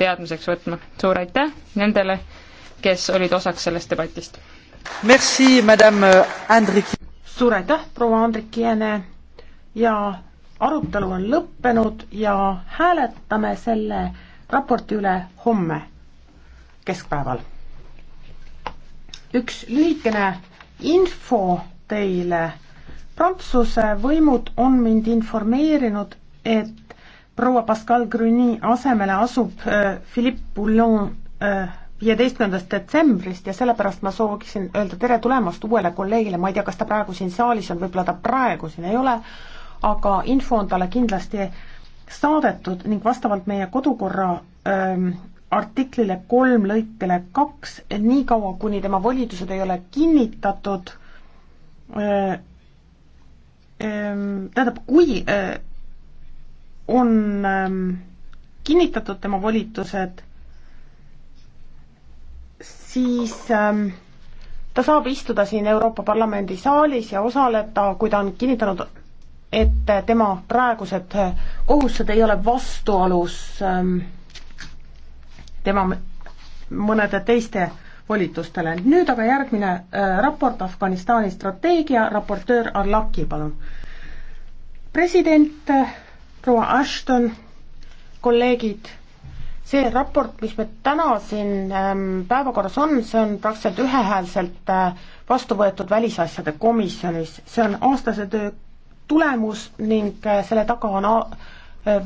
teadmiseks võtma. suur aitäh nendele, kes olid osaks sellest debatist. Merci, madame äh, Andrik. suur aitäh, proua Andrik Jääne ja arutelu on lõppenud ja hääletame selle raporti üle homme keskpäeval. üks lühikene info teile. Prantsuse võimud on mind informeerinud, et proua Pascal Gruny asemele asub äh, Philippe Boulon äh, viieteistkümnendast detsembrist ja sellepärast ma sooviksin öelda tere tulemast uuele kolleegile, ma ei tea, kas ta praegu siin saalis on, võib-olla ta praegu siin ei ole, aga info on talle kindlasti saadetud ning vastavalt meie kodukorra ähm, artiklile kolm lõikele kaks, niikaua kuni tema volitused ei ole kinnitatud äh,, äh, tähendab, kui äh, on ähm, kinnitatud tema volitused, siis ähm, ta saab istuda siin Euroopa Parlamendi saalis ja osaleda, kui ta on kinnitanud, et tema praegused äh, kohustused ei ole vastuolus ähm, tema mõnede teiste volitustele. nüüd aga järgmine äh, raport Afganistani strateegia, raportöör Arlaki, palun. president äh, proua Ashton, kolleegid, see raport, mis meil täna siin ähm, päevakorras on, see on praktiliselt ühehäälselt äh, vastu võetud Välisasjade Komisjonis, see on aastase töö tulemus ning äh, selle taga on äh,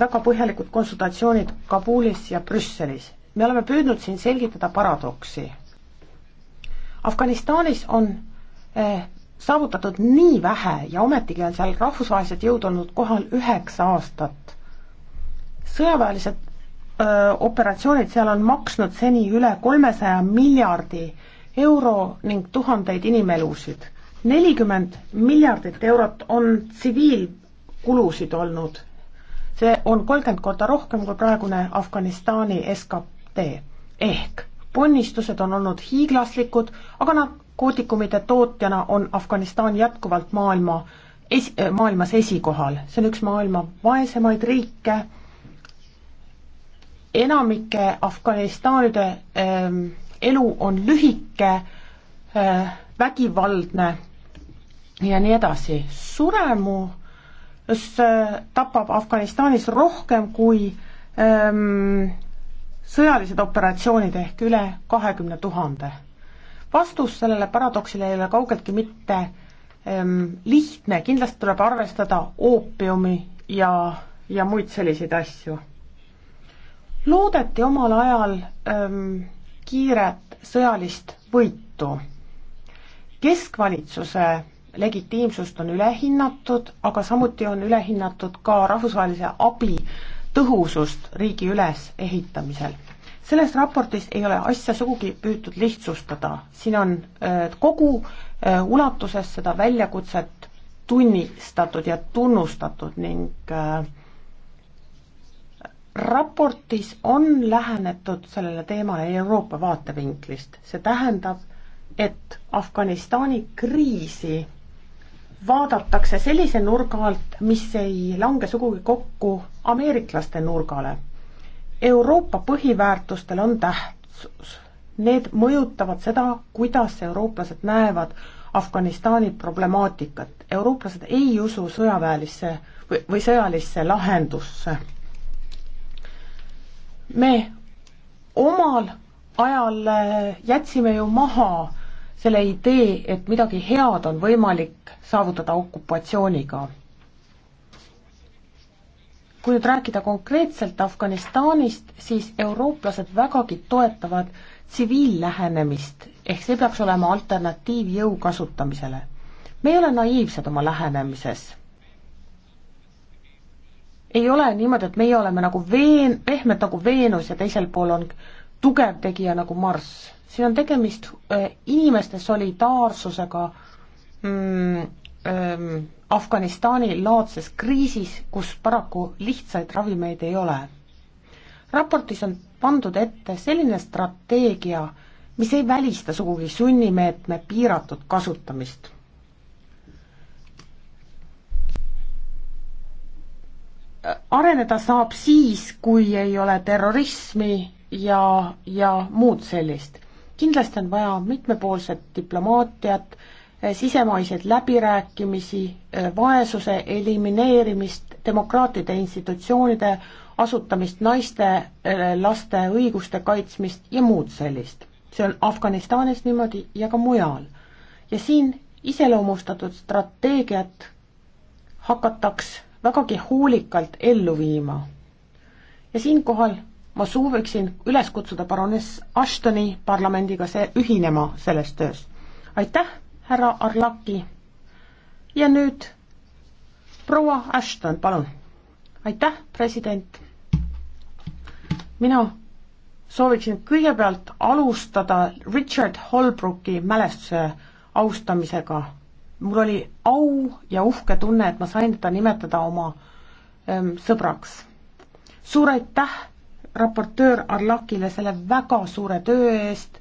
väga põhjalikud konsultatsioonid Kabulis ja Brüsselis. me oleme püüdnud siin selgitada paradoksi. Afganistanis on saavutatud nii vähe ja ometigi on seal rahvusvahelised jõud olnud kohal üheksa aastat. sõjaväelised öö, operatsioonid seal on maksnud seni üle kolmesaja miljardi euro ning tuhandeid inimelusid. nelikümmend miljardit eurot on tsiviilkulusid olnud. see on kolmkümmend korda rohkem kui praegune Afganistani SKT ehk ponnistused on olnud hiiglaslikud, aga nad narkootikumide tootjana on Afganistan jätkuvalt maailma es-, äh, maailmas esikohal, see on üks maailma vaesemaid riike, enamike Afganistanide ähm, elu on lühike äh,, vägivaldne ja nii edasi. suremus äh, tapab Afganistanis rohkem kui ähm, sõjalised operatsioonid ehk üle kahekümne tuhande vastus sellele paradoksile ei ole kaugeltki mitte ähm, lihtne, kindlasti tuleb arvestada oopiumi ja, ja muid selliseid asju. loodeti omal ajal ähm, kiiret sõjalist võitu. keskvalitsuse legitiimsust on ülehinnatud, aga samuti on ülehinnatud ka rahvusvahelise abi tõhusust riigi ülesehitamisel selles raportis ei ole asja sugugi püütud lihtsustada, siin on äh, kogu äh, ulatuses seda väljakutset tunnistatud ja tunnustatud ning äh, raportis on lähenetud sellele teemale Euroopa vaatevinklist, see tähendab, et Afganistani kriisi vaadatakse sellise nurga alt, mis ei lange sugugi kokku ameeriklaste nurgale Euroopa põhiväärtustel on tähtsus. Need mõjutavad seda, kuidas eurooplased näevad Afganistani problemaatikat. eurooplased ei usu sõjaväelisse või, või sõjalisse lahendusse. me omal ajal äh, jätsime ju maha selle idee, et midagi head on võimalik saavutada okupatsiooniga kui nüüd rääkida konkreetselt Afganistanist, siis eurooplased vägagi toetavad tsiviillähenemist, ehk see peaks olema alternatiiv jõu kasutamisele. me ei ole naiivsed oma lähenemises. ei ole niimoodi, et meie oleme nagu veen-, pehmed nagu Veenus ja teisel pool on tugev tegija nagu Marss. siin on tegemist äh, inimeste solidaarsusega mm,, ähm, Afganistani laadses kriisis, kus paraku lihtsaid ravimeid ei ole. raportis on pandud ette selline strateegia, mis ei välista sugugi sunnimeetme piiratud kasutamist. areneda saab siis, kui ei ole terrorismi ja, ja muud sellist. kindlasti on vaja mitmepoolset diplomaatiat äh,, Äh, sisemaiseid läbirääkimisi, äh, vaesuse elimineerimist, demokraatide institutsioonide asutamist, naiste, äh, laste õiguste kaitsmist ja muud sellist. see on Afganistanis niimoodi ja ka mujal. ja siin iseloomustatud strateegiat hakataks vägagi hoolikalt ellu viima. ja siinkohal ma sooviksin üles kutsuda baroness Ashtoni parlamendiga see, ühinema selles töös. aitäh härra Arlaki. ja nüüd proua Ashton, palun. aitäh, president. mina sooviksin kõigepealt alustada Richard Holbrooki mälestuse austamisega. mul oli au ja uhke tunne, et ma sain teda nimetada oma ähm, sõbraks. suur aitäh raportöör Arlakile selle väga suure töö eest,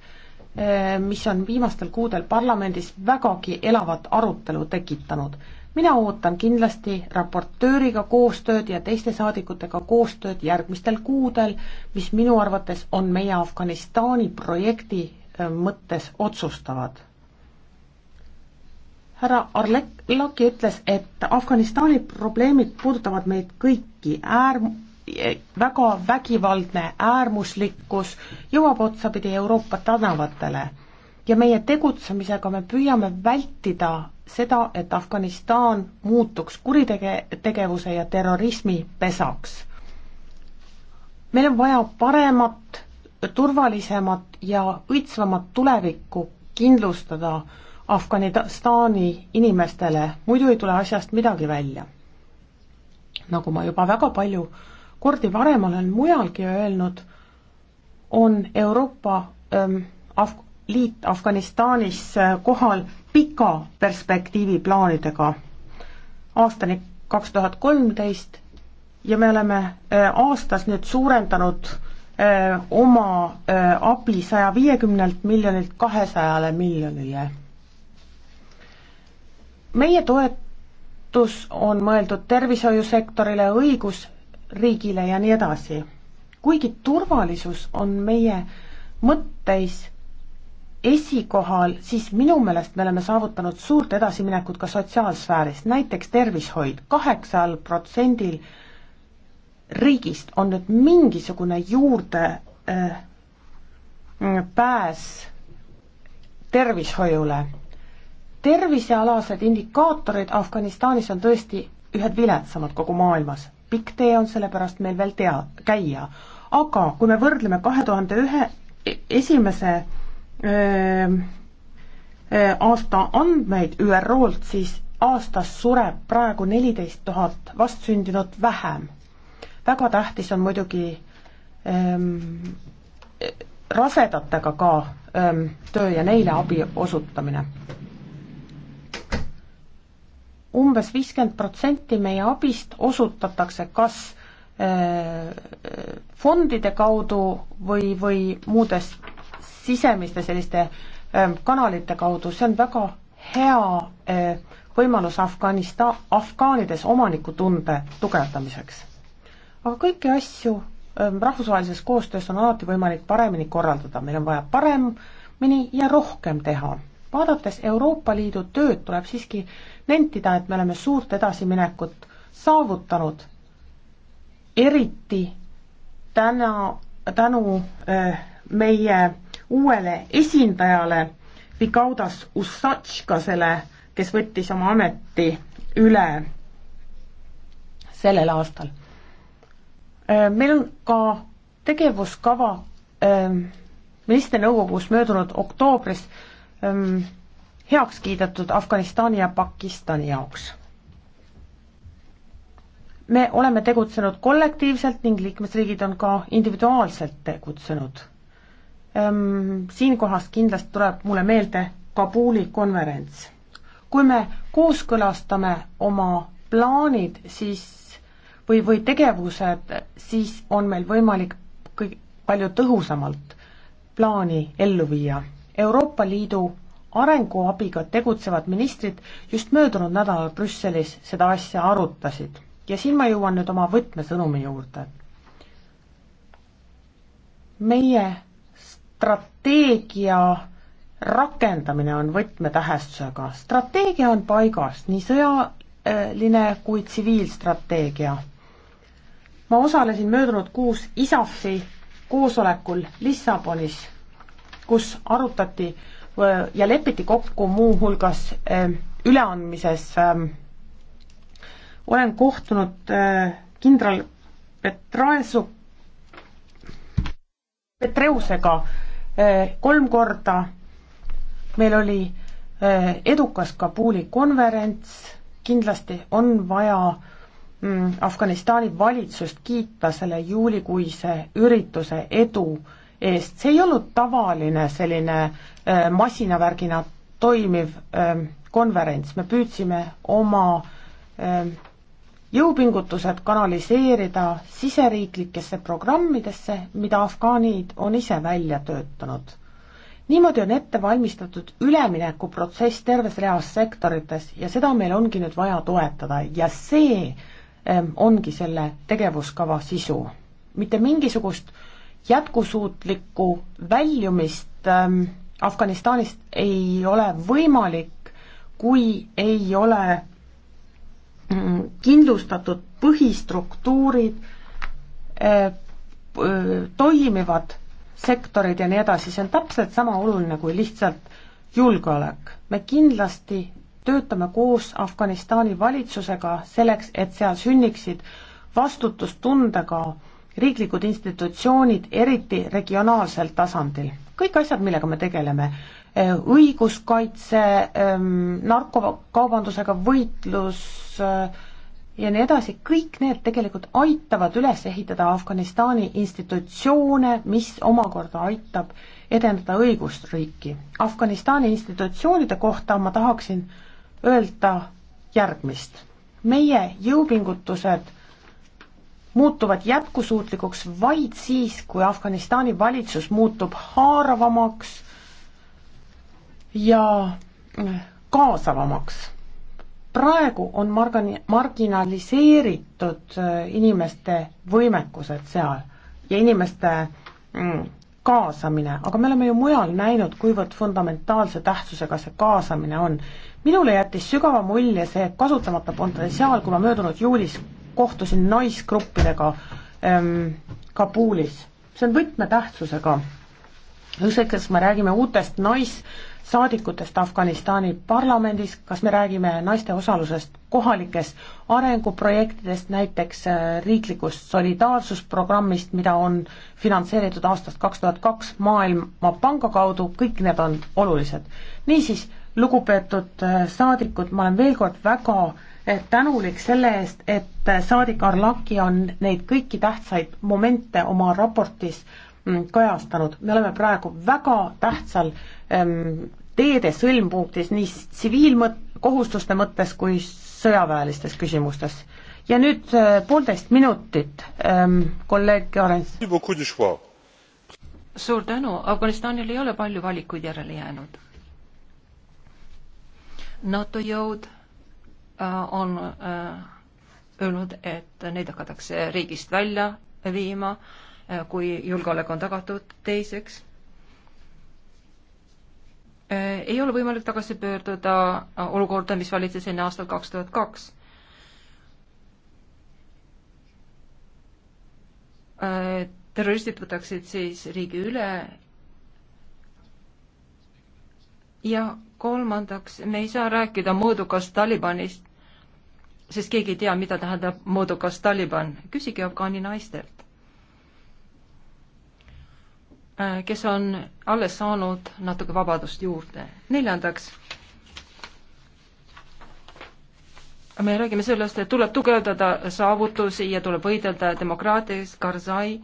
Eh, mis on viimastel kuudel parlamendis vägagi elavat arutelu tekitanud. mina ootan kindlasti raportööriga koostööd ja teiste saadikutega koostööd järgmistel kuudel, mis minu arvates on meie Afganistani projekti eh, mõttes otsustavad. härra Arlek-, Laki ütles, et Afganistani probleemid puudutavad meid kõiki, äär-, väga vägivaldne äärmuslikkus jõuab otsapidi Euroopa tänavatele ja meie tegutsemisega me püüame vältida seda, et Afganistan muutuks kuritegevuse ja terrorismi pesaks. meil on vaja paremat, turvalisemat ja õitsvamat tulevikku kindlustada Afganistani inimestele, muidu ei tule asjast midagi välja. nagu ma juba väga palju kordi varem olen mujalgi öelnud, on Euroopa ähm, Af-, liit Afganistanis äh, kohal pika perspektiivi plaanidega aastani kaks tuhat kolmteist ja me oleme äh, aastas nüüd suurendanud öö, äh, oma öö, abi saja viiekümnelt miljonilt kahesajale miljonile. meie toetus on mõeldud tervishoiusektorile, õigus riigile ja nii edasi. kuigi turvalisus on meie mõtteis esikohal, siis minu meelest me oleme saavutanud suurt edasiminekut ka sotsiaalsfääris, näiteks tervishoid, kaheksal protsendil riigist on nüüd mingisugune juurde äh, pääs tervishoiule. tervisealased indikaatorid Afganistanis on tõesti ühed viletsamad kogu maailmas pikk tee on sellepärast meil veel tea, käia. aga kui me võrdleme kahe tuhande ühe, e-, esimese öö, aasta andmeid ÜRO-lt, siis aastas sureb praegu neliteist tuhat vastsündinut vähem. väga tähtis on muidugi ähm, rasedatega ka ähm, töö ja neile abi osutamine umbes viiskümmend protsenti meie abist osutatakse kas äh, fondide kaudu või, või muudes sisemiste selliste ähm, kanalite kaudu, see on väga hea äh, võimalus Afganista-, afgaanides omanikutunde tugevdamiseks. aga kõiki asju ähm, rahvusvahelises koostöös on alati võimalik paremini korraldada, meil on vaja paremini ja rohkem teha. vaadates Euroopa Liidu tööd, tuleb siiski nentida, et me oleme suurt edasiminekut saavutanud, eriti täna, tänu äh, meie uuele esindajale, Vikaudas Ussatškasele, kes võttis oma ameti üle sellel aastal. Äh, meil on ka tegevuskava äh, ministrinõukogus möödunud oktoobris ähm, heaks kiidetud Afganistani ja Pakistani jaoks. me oleme tegutsenud kollektiivselt ning liikmesriigid on ka individuaalselt tegutsenud. Ehm, siinkohas kindlasti tuleb mulle meelde Kabuli konverents. kui me kooskõlastame oma plaanid, siis või, või tegevused, siis on meil võimalik kõik palju tõhusamalt plaani ellu viia. Euroopa Liidu arenguabiga tegutsevad ministrid just möödunud nädalal Brüsselis seda asja arutasid ja siin ma jõuan nüüd oma võtmesõnumi juurde. meie strateegia rakendamine on võtmetähestusega, strateegia on paigas, nii sõjaline kui tsiviilstrateegia. ma osalesin möödunud kuus ISAF-i koosolekul Lissabonis, kus arutati äh, ja lepiti kokku muuhulgas ähm, üleandmises. Ähm, olen kohtunud äh, kindral Petraesu, Petreusega äh, kolm korda, meil oli äh, edukas Kabuli konverents, kindlasti on vaja mm, Afganistani valitsust kiita selle juulikuise ürituse edu eest, see ei olnud tavaline selline äh, masinavärgina toimiv äh, konverents, me püüdsime oma äh, jõupingutused kanaliseerida siseriiklikesse programmidesse, mida afgaanid on ise välja töötanud. niimoodi on ette valmistatud üleminekuprotsess terves reas sektorites ja seda meil ongi nüüd vaja toetada ja see ähm, ongi selle tegevuskava sisu. mitte mingisugust äh, jätkusuutlikku väljumist ähm, Afganistanist ei ole võimalik, kui ei ole mm, kindlustatud põhistruktuurid, äh, äh, toimivad sektorid ja nii edasi, see on täpselt sama oluline kui lihtsalt julgeolek. me kindlasti töötame koos Afganistani valitsusega selleks, et seal sünniksid vastutustundega riiklikud institutsioonid, eriti regionaalsel tasandil. kõik asjad, millega me tegeleme, eh, õiguskaitse, ehm, narkokaubandusega võitlus eh, ja nii edasi, kõik need tegelikult aitavad üles ehitada Afganistani institutsioone, mis omakorda aitab edendada õigusriiki. Afganistani institutsioonide kohta ma tahaksin öelda järgmist. meie jõupingutused muutuvad jätkusuutlikuks vaid siis, kui Afganistani valitsus muutub haaravamaks ja äh, kaasavamaks. praegu on margani-, marginaliseeritud äh, inimeste võimekused seal ja inimeste mm, kaasamine, aga me oleme ju mujal näinud, kuivõrd fundamentaalse tähtsusega see kaasamine on. minule jättis sügava mulje see kasutamata potentsiaal, kui ma möödunud juulis kohtusin naisgruppidega ähm, Kabulis. see on võtmetähtsusega. ükskõik, kas me räägime uutest naissaadikutest Afganistani parlamendis, kas me räägime naiste osalusest kohalikes arenguprojektidest, näiteks äh, riiklikust solidaarsusprogrammist, mida on finantseeritud aastast kaks tuhat kaks Maailmapanga kaudu, kõik need on olulised. niisiis, lugupeetud äh, saadikud, ma olen veel kord väga tänulik selle eest, et saadik Arlaki on neid kõiki tähtsaid momente oma raportis mm, kajastanud, me oleme praegu väga tähtsal mm, teede sõlmpunktis nii tsiviilkohustuste mõttes kui sõjaväelistes küsimustes. ja nüüd äh, poolteist minutit, ähm, kolleeg Jarens. suur tänu, Afganistanil ei ole palju valikuid järele jäänud NATO jõud Äh, on äh, öelnud, et neid hakatakse riigist välja viima, äh, kui julgeolek on tagatud. teiseks, ei ole võimalik tagasi pöörduda olukorda, mis valitses enne aastat kaks tuhat kaks. terroristid võtaksid siis riigi üle ja kolmandaks, me ei saa rääkida mõõdukast Talibanist, sest keegi ei tea, mida tähendab mõõdukas Taliban. küsige afgaani naistelt, äh, kes on alles saanud natuke vabadust juurde. neljandaks, me räägime sellest, et tuleb tugevdada saavutusi ja tuleb võidelda demokraatias, Karzai,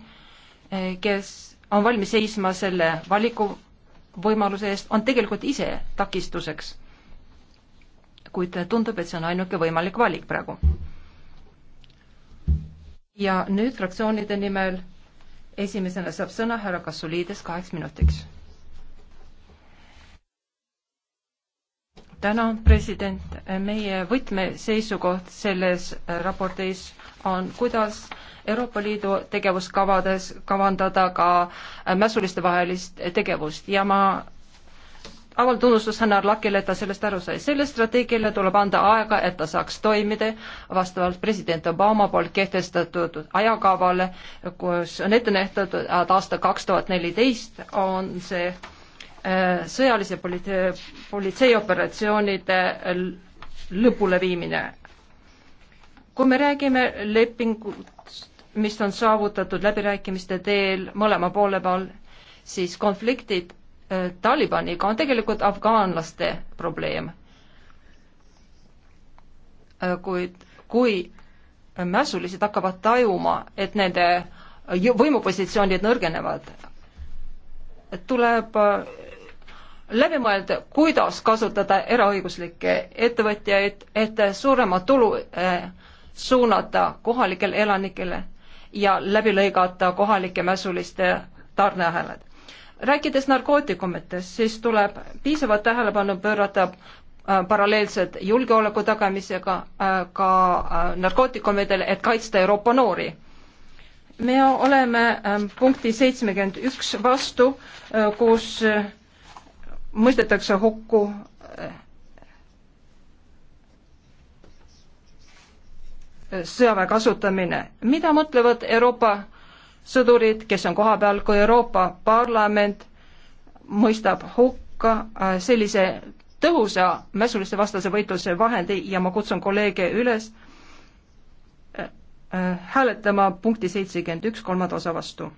äh, kes on valmis seisma selle valiku võimaluse eest, on tegelikult ise takistuseks kuid tundub, et see on ainuke võimalik valik praegu. ja nüüd fraktsioonide nimel esimesena saab sõna härra Kasuliides kaheks minutiks. tänan, president, meie võtmeseisukoht selles raportis on, kuidas Euroopa Liidu tegevuskavades kavandada ka mässuliste vahelist tegevust ja ma aval tunnustus Hanna Arlakile, et ta sellest aru sai. sellele strateegiale tuleb anda aega, et ta saaks toimida vastavalt president Obama poolt kehtestatud ajakavale, kus on ette nähtud, et aasta kaks tuhat neliteist on see äh, sõjalise politsei, politseioperatsioonide lõpuleviimine. kui me räägime lepingust, mis on saavutatud läbirääkimiste teel mõlema poole peal, siis konfliktid Äh, Talibaniga on tegelikult afgaanlaste probleem. Äh, kuid kui mässulised hakkavad tajuma, et nende võimupositsioonid nõrgenevad, tuleb äh, läbi mõelda, kuidas kasutada eraõiguslikke ettevõtjaid, et suurema tulu suunata kohalikele elanikele ja läbi lõigata kohalike mässuliste tarneahelad rääkides narkootikumitest, siis tuleb piisavat tähelepanu pöörata äh, paralleelselt julgeoleku tagamisega äh, ka äh, narkootikumidel, et kaitsta Euroopa noori. me oleme ähm, punkti seitsekümmend üks vastu, kus mõistetakse hukku sõjaväe kasutamine. mida mõtlevad Euroopa sõdurid, kes on kohapeal, kui Euroopa Parlament mõistab hukka äh, sellise tõhusa mässuliste vastase võitluse vahendi ja ma kutsun kolleege üles äh, äh, hääletama punkti seitsekümmend üks kolmanda osa vastu.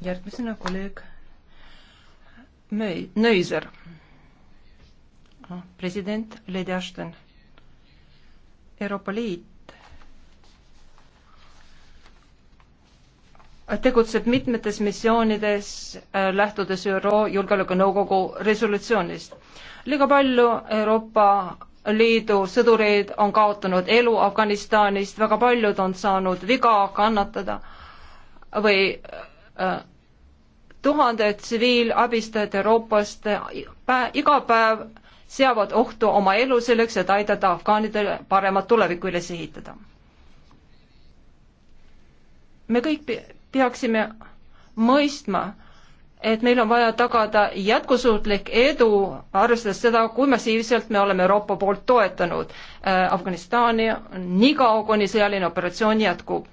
järgmisena kolleeg Möi-, Nöiser, ah, president Lady Ashton Euroopa Liit tegutseb mitmetes missioonides, äh, lähtudes ÜRO Julgeolekunõukogu resolutsioonist. liiga palju Euroopa Liidu sõdureid on kaotanud elu Afganistanist, väga paljud on saanud viga, kannatada või äh, tuhanded tsiviilabistajad Euroopast äh, iga päev seavad ohtu oma elu selleks, et aidata afgaanidele paremat tulevikku üles ehitada. me kõik peaksime mõistma, et meil on vaja tagada jätkusuutlik edu, arvestades seda, kui massiivselt me oleme Euroopa poolt toetanud Afganistani, nii kaua, kuni sõjaline operatsioon jätkub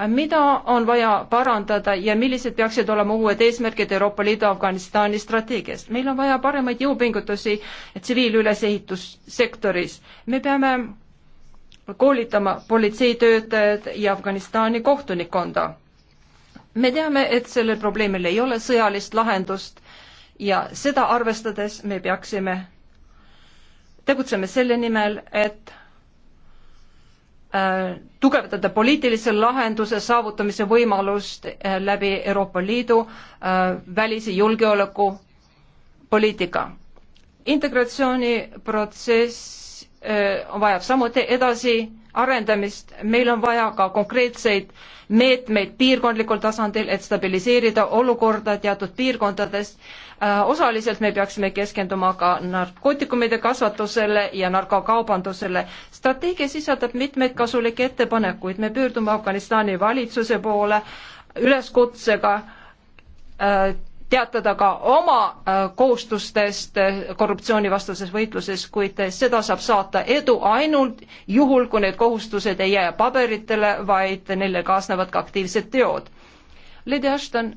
Äh, mida on vaja parandada ja millised peaksid olema uued eesmärgid Euroopa Liidu Afganistani strateegiast? meil on vaja paremaid jõupingutusi tsiviilülesehitussektoris. me peame koolitama politseitöötajad ja Afganistani kohtunikkonda. me teame, et sellel probleemil ei ole sõjalist lahendust ja seda arvestades me peaksime, tegutseme selle nimel, et Äh, tugevdada poliitilise lahenduse saavutamise võimalust äh, läbi Euroopa Liidu äh, välise julgeoleku poliitika. integratsiooniprotsess vajab samuti edasiarendamist, meil on vaja ka konkreetseid meetmeid piirkondlikul tasandil, et stabiliseerida olukorda teatud piirkondades. Äh, osaliselt me peaksime keskenduma ka narkootikumide kasvatusele ja narkokaubandusele. strateegia sisaldab mitmeid kasulikke ettepanekuid, me pöördume Afganistani valitsuse poole üleskutsega äh, teatada ka oma äh, kohustustest äh, korruptsioonivastases võitluses, kuid äh, seda saab saata edu ainult juhul, kui need kohustused ei jää paberitele, vaid neile kaasnevad ka aktiivsed teod. Lady Ashton,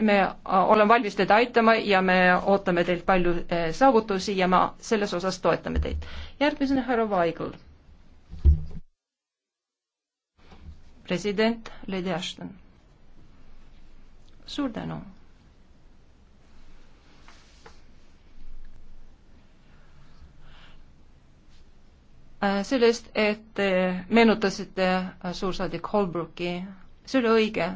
me oleme valmis teid aitama ja me ootame teilt palju saavutusi ja me selles osas toetame teid. järgmisena härra Vaigel. president Lady Ashton. suur tänu Äh, selle eest, et te äh, meenutasite äh, suursaadik Holbrooki. see oli õige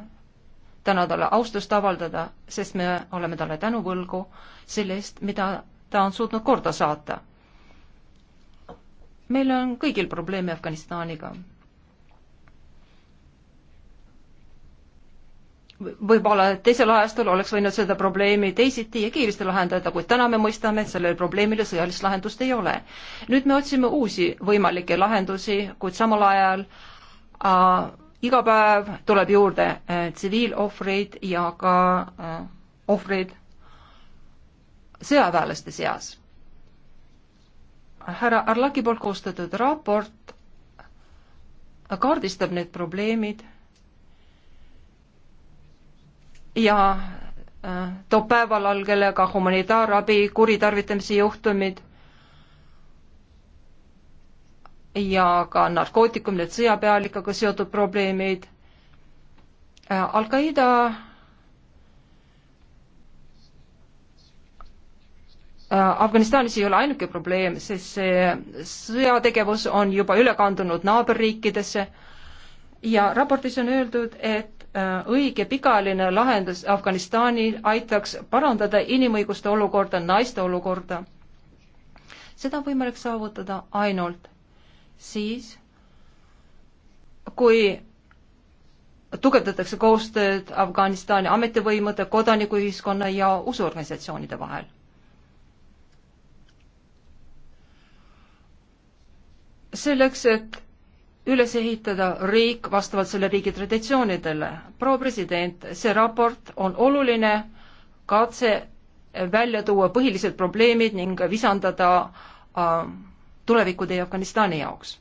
täna talle austust avaldada, sest me oleme talle tänu võlgu selle eest, mida ta on suutnud korda saata. meil on kõigil probleeme Afganistaniga võib-olla teisel ajastul oleks võinud seda probleemi teisiti ja kiiresti lahendada, kuid täna me mõistame, et sellele probleemile sõjalist lahendust ei ole. nüüd me otsime uusi võimalikke lahendusi, kuid samal ajal äh, iga päev tuleb juurde äh, tsiviilohvreid ja ka äh, ohvreid sõjaväelaste seas. härra Arlaki poolt koostatud raport kaardistab need probleemid ja äh, toob päevavalgele ka humanitaarabi kuritarvitamise juhtumid ja ka narkootikumide sõjapealikaga seotud probleemid. Äh, Al-Qaeda äh, Afganistanis ei ole ainuke probleem, sest see sõjategevus on juba üle kandunud naaberriikidesse ja raportis on öeldud, et Äh, õige pikaajaline lahendus Afganistani aitaks parandada inimõiguste olukorda, naiste olukorda. seda on võimalik saavutada ainult siis, kui tugevdatakse koostööd Afganistani ametivõimude, kodanikuühiskonna ja usuorganisatsioonide vahel. selleks, et üles ehitada riik vastavalt selle riigi traditsioonidele. proua president, see raport on oluline katse välja tuua põhilised probleemid ning visandada äh, tulevikutee Afganistani jaoks.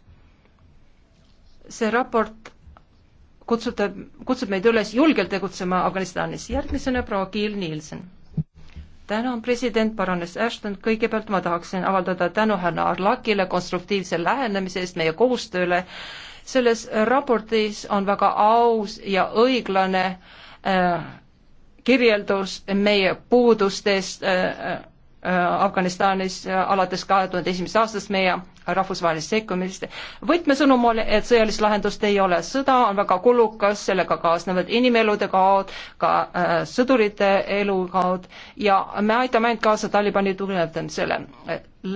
see raport kutsutab, kutsub meid üles julgelt tegutsema Afganistanis. järgmisena proua Kiil Nielsen tänan, president Baroness Ashton, kõigepealt ma tahaksin avaldada tänu härra Arlakile konstruktiivse lähenemise eest meie koostööle. selles raportis on väga aus ja õiglane äh, kirjeldus meie puudustest äh, äh Afganistanis äh, alates kahe tuhande esimesest aastast meie rahvusvahelist sekkumist. võtmesõnum oli, et sõjalist lahendust ei ole, sõda on väga kulukas, sellega kaasnevad inimelude kaod, ka äh, sõdurite elu kaod ja me aitame ainult kaasa Talibani tugevdamisele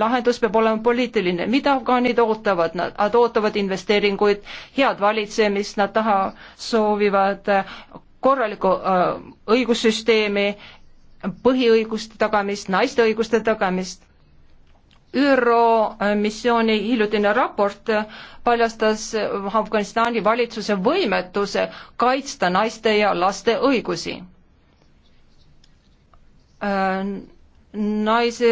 lahendus peab olema poliitiline, mida afgaanid ootavad, nad ootavad investeeringuid, head valitsemist, nad taha, soovivad äh, korralikku äh, õigussüsteemi, põhiõiguste tagamist, naiste õiguste tagamist ÜRO äh, missiooni hiljutine raport äh, paljastas äh, Afganistani valitsuse võimetuse kaitsta naiste ja laste õigusi. naise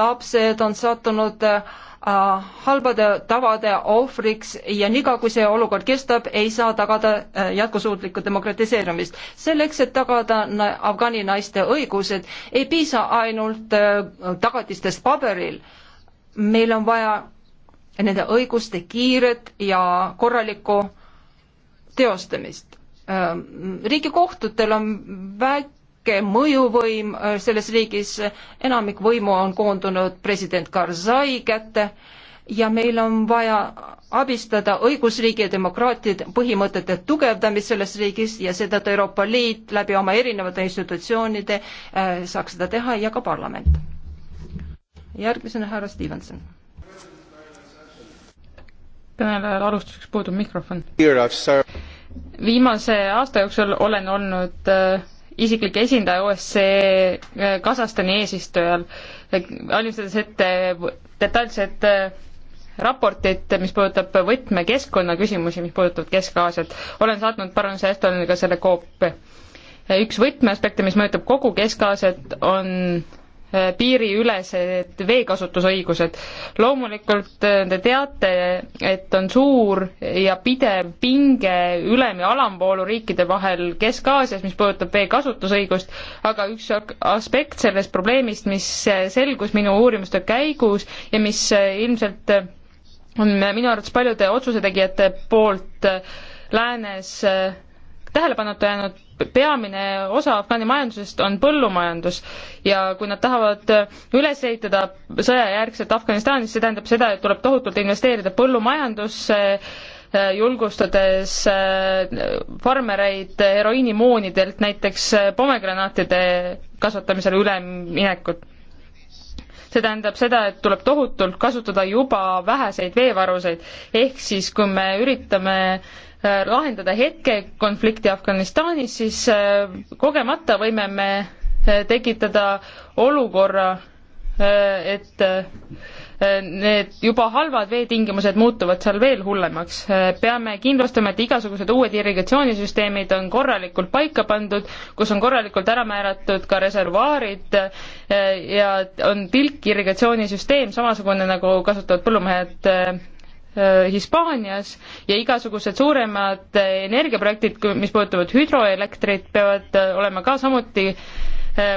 lapsed on sattunud äh, Äh, halbade tavade ohvriks ja niikaua, kui see olukord kestab, ei saa tagada äh, jätkusuutlikku demokratiseerumist. selleks, et tagada Afgaani naiste õigused, ei piisa ainult äh, tagatistest paberil. meil on vaja nende õiguste kiiret ja korralikku teostamist riigikohtutel on vä-, väike mõjuvõim äh, selles riigis, enamik võimu on koondunud president Karzai kätte ja meil on vaja abistada õigusriigi ja demokraatide põhimõtete tugevdamist selles riigis ja seetõttu Euroopa Liit läbi oma erinevate institutsioonide äh, saaks seda teha ja ka parlament. järgmisena härra Stevenson. kõnelejal alustuseks puudub mikrofon. viimase aasta jooksul olen olnud äh, isiklik esindaja OSCE eh, Kasahstani eesistujal, eh, valmistades ette detailset eh, raportit, mis puudutab võtmekeskkonna küsimusi, mis puudutavad Kesk-Aasiat. olen saatnud paranduse Estoniale ka selle koopia. üks võtmeaspekte, mis mõjutab kogu Kesk-Aasiat, on Äh, piiriülesed veekasutusõigused. loomulikult äh, te teate, et on suur ja pidev pinge ülem- ja alamvoolu riikide vahel Kesk-Aasias, mis puudutab veekasutusõigust, aga üks aspekt sellest probleemist, mis äh, selgus minu uurimuste käigus ja mis ilmselt on minu arvates paljude otsusetegijate poolt läänes tähelepanuta jäänud, peamine osa Afgaani majandusest on põllumajandus ja kui nad tahavad äh, üles ehitada sõjajärgset Afganistani, siis see tähendab seda, et tuleb tohutult investeerida põllumajandusse, äh, julgustades äh, farmereid heroiinimoonidelt näiteks pomegranaatide kasvatamisele üleminekut see tähendab seda, et tuleb tohutult kasutada juba väheseid veevaruseid, ehk siis kui me üritame äh, Äh, lahendada hetkekonflikti Afganistanis, siis äh, kogemata võime me äh, tekitada olukorra, et need juba halvad veetingimused muutuvad seal veel hullemaks. peame kindlustama, et igasugused uued irrigatsioonisüsteemid on korralikult paika pandud, kus on korralikult ära määratud ka reservuaarid ja on tilk irrigatsioonisüsteem, samasugune nagu kasutavad põllumehed Äh, Hispaanias ja igasugused suuremad äh, energiaprojektid, mis puudutavad hüdroelektrit, peavad äh, olema ka samuti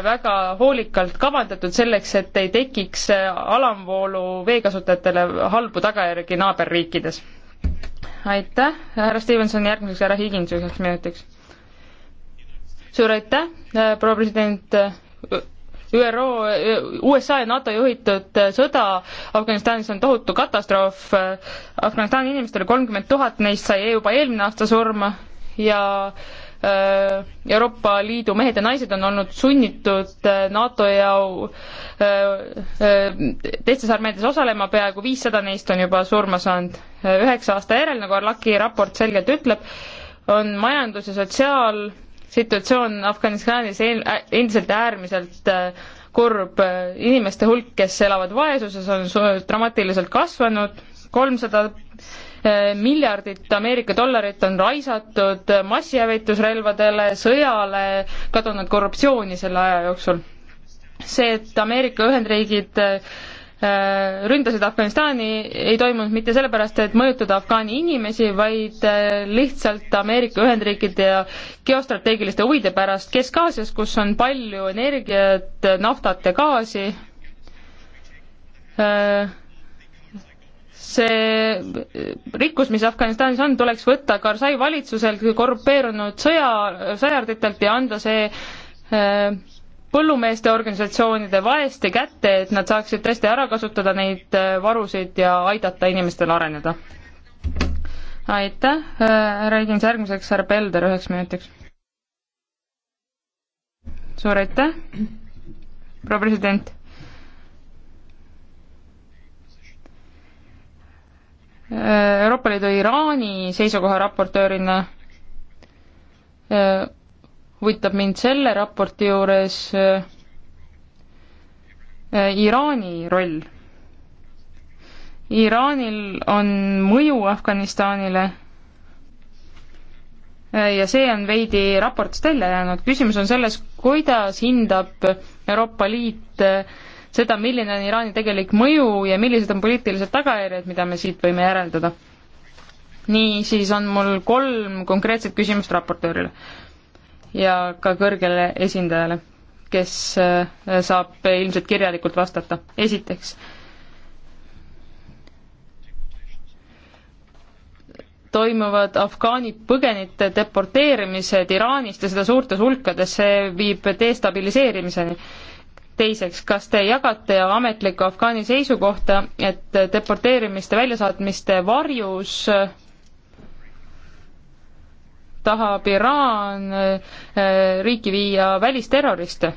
väga hoolikalt kavandatud selleks, et ei tekiks alamvoolu veekasutajatele halbu tagajärgi naaberriikides. aitäh, härra Stevenson, järgmiseks härra Higins üheks minutiks. suur aitäh, proua president, ÜRO, USA ja NATO juhitud sõda Afganistanis on tohutu katastroof. Afganistani inimestel kolmkümmend tuhat, neist sai juba eelmine aasta surma ja äh, Euroopa Liidu mehed ja naised on olnud sunnitud äh, NATO ja äh, teistes armeedes osalema, peaaegu viissada neist on juba surma saanud. üheksa aasta järel, nagu Arlaki raport selgelt ütleb, on majandus ja sotsiaal situatsioon Afganistanis endiselt äärmiselt äh, kurb. inimeste hulk, kes elavad vaesuses, on dramaatiliselt kasvanud, kolmsada äh, miljardit Ameerika dollarit on raisatud äh, massihävitusrelvadele, sõjale, kadunud korruptsiooni selle aja jooksul. see, et Ameerika Ühendriigid äh, Äh, ründasid Afganistani, ei toimunud mitte sellepärast, et mõjutada Afgaani inimesi, vaid äh, lihtsalt Ameerika Ühendriikide ja geostrateegiliste huvide pärast Kesk-Aasias, kus on palju energiat, naftat ja gaasi. Äh, see rikkus, mis Afganistanis on, tuleks võtta Karzai valitsuselt korrupeerunud sõja, sõjarditelt ja anda see põllumeeste organisatsioonide vaeste kätte, et nad saaksid tõesti ära kasutada neid äh, varusid ja aidata inimestel areneda. aitäh, äh, härra Higins, järgmiseks härra Pelder üheks minutiks. suur aitäh, proua president äh, Euroopa Liidu Iraani seisukoha raportöörina huvitab mind selle raporti juures äh, Iraani roll. Iraanil on mõju Afganistanile äh, ja see on veidi raportist välja jäänud. küsimus on selles, kuidas hindab Euroopa Liit äh, seda, milline on Iraani tegelik mõju ja millised on poliitilised tagajärjed, mida me siit võime järeldada. niisiis on mul kolm konkreetset küsimust raportöörile ja ka kõrgele esindajale, kes äh, saab ilmselt kirjalikult vastata. esiteks, toimuvad afgaani põgenite deporteerimised Iraanist ja seda suurtes hulkades, see viib destabiliseerimiseni. teiseks, kas te jagate ametlikku Afgaani seisukohta, et deporteerimiste väljasaatmiste varjus äh, tahab Iraan äh, riiki viia välisterroriste?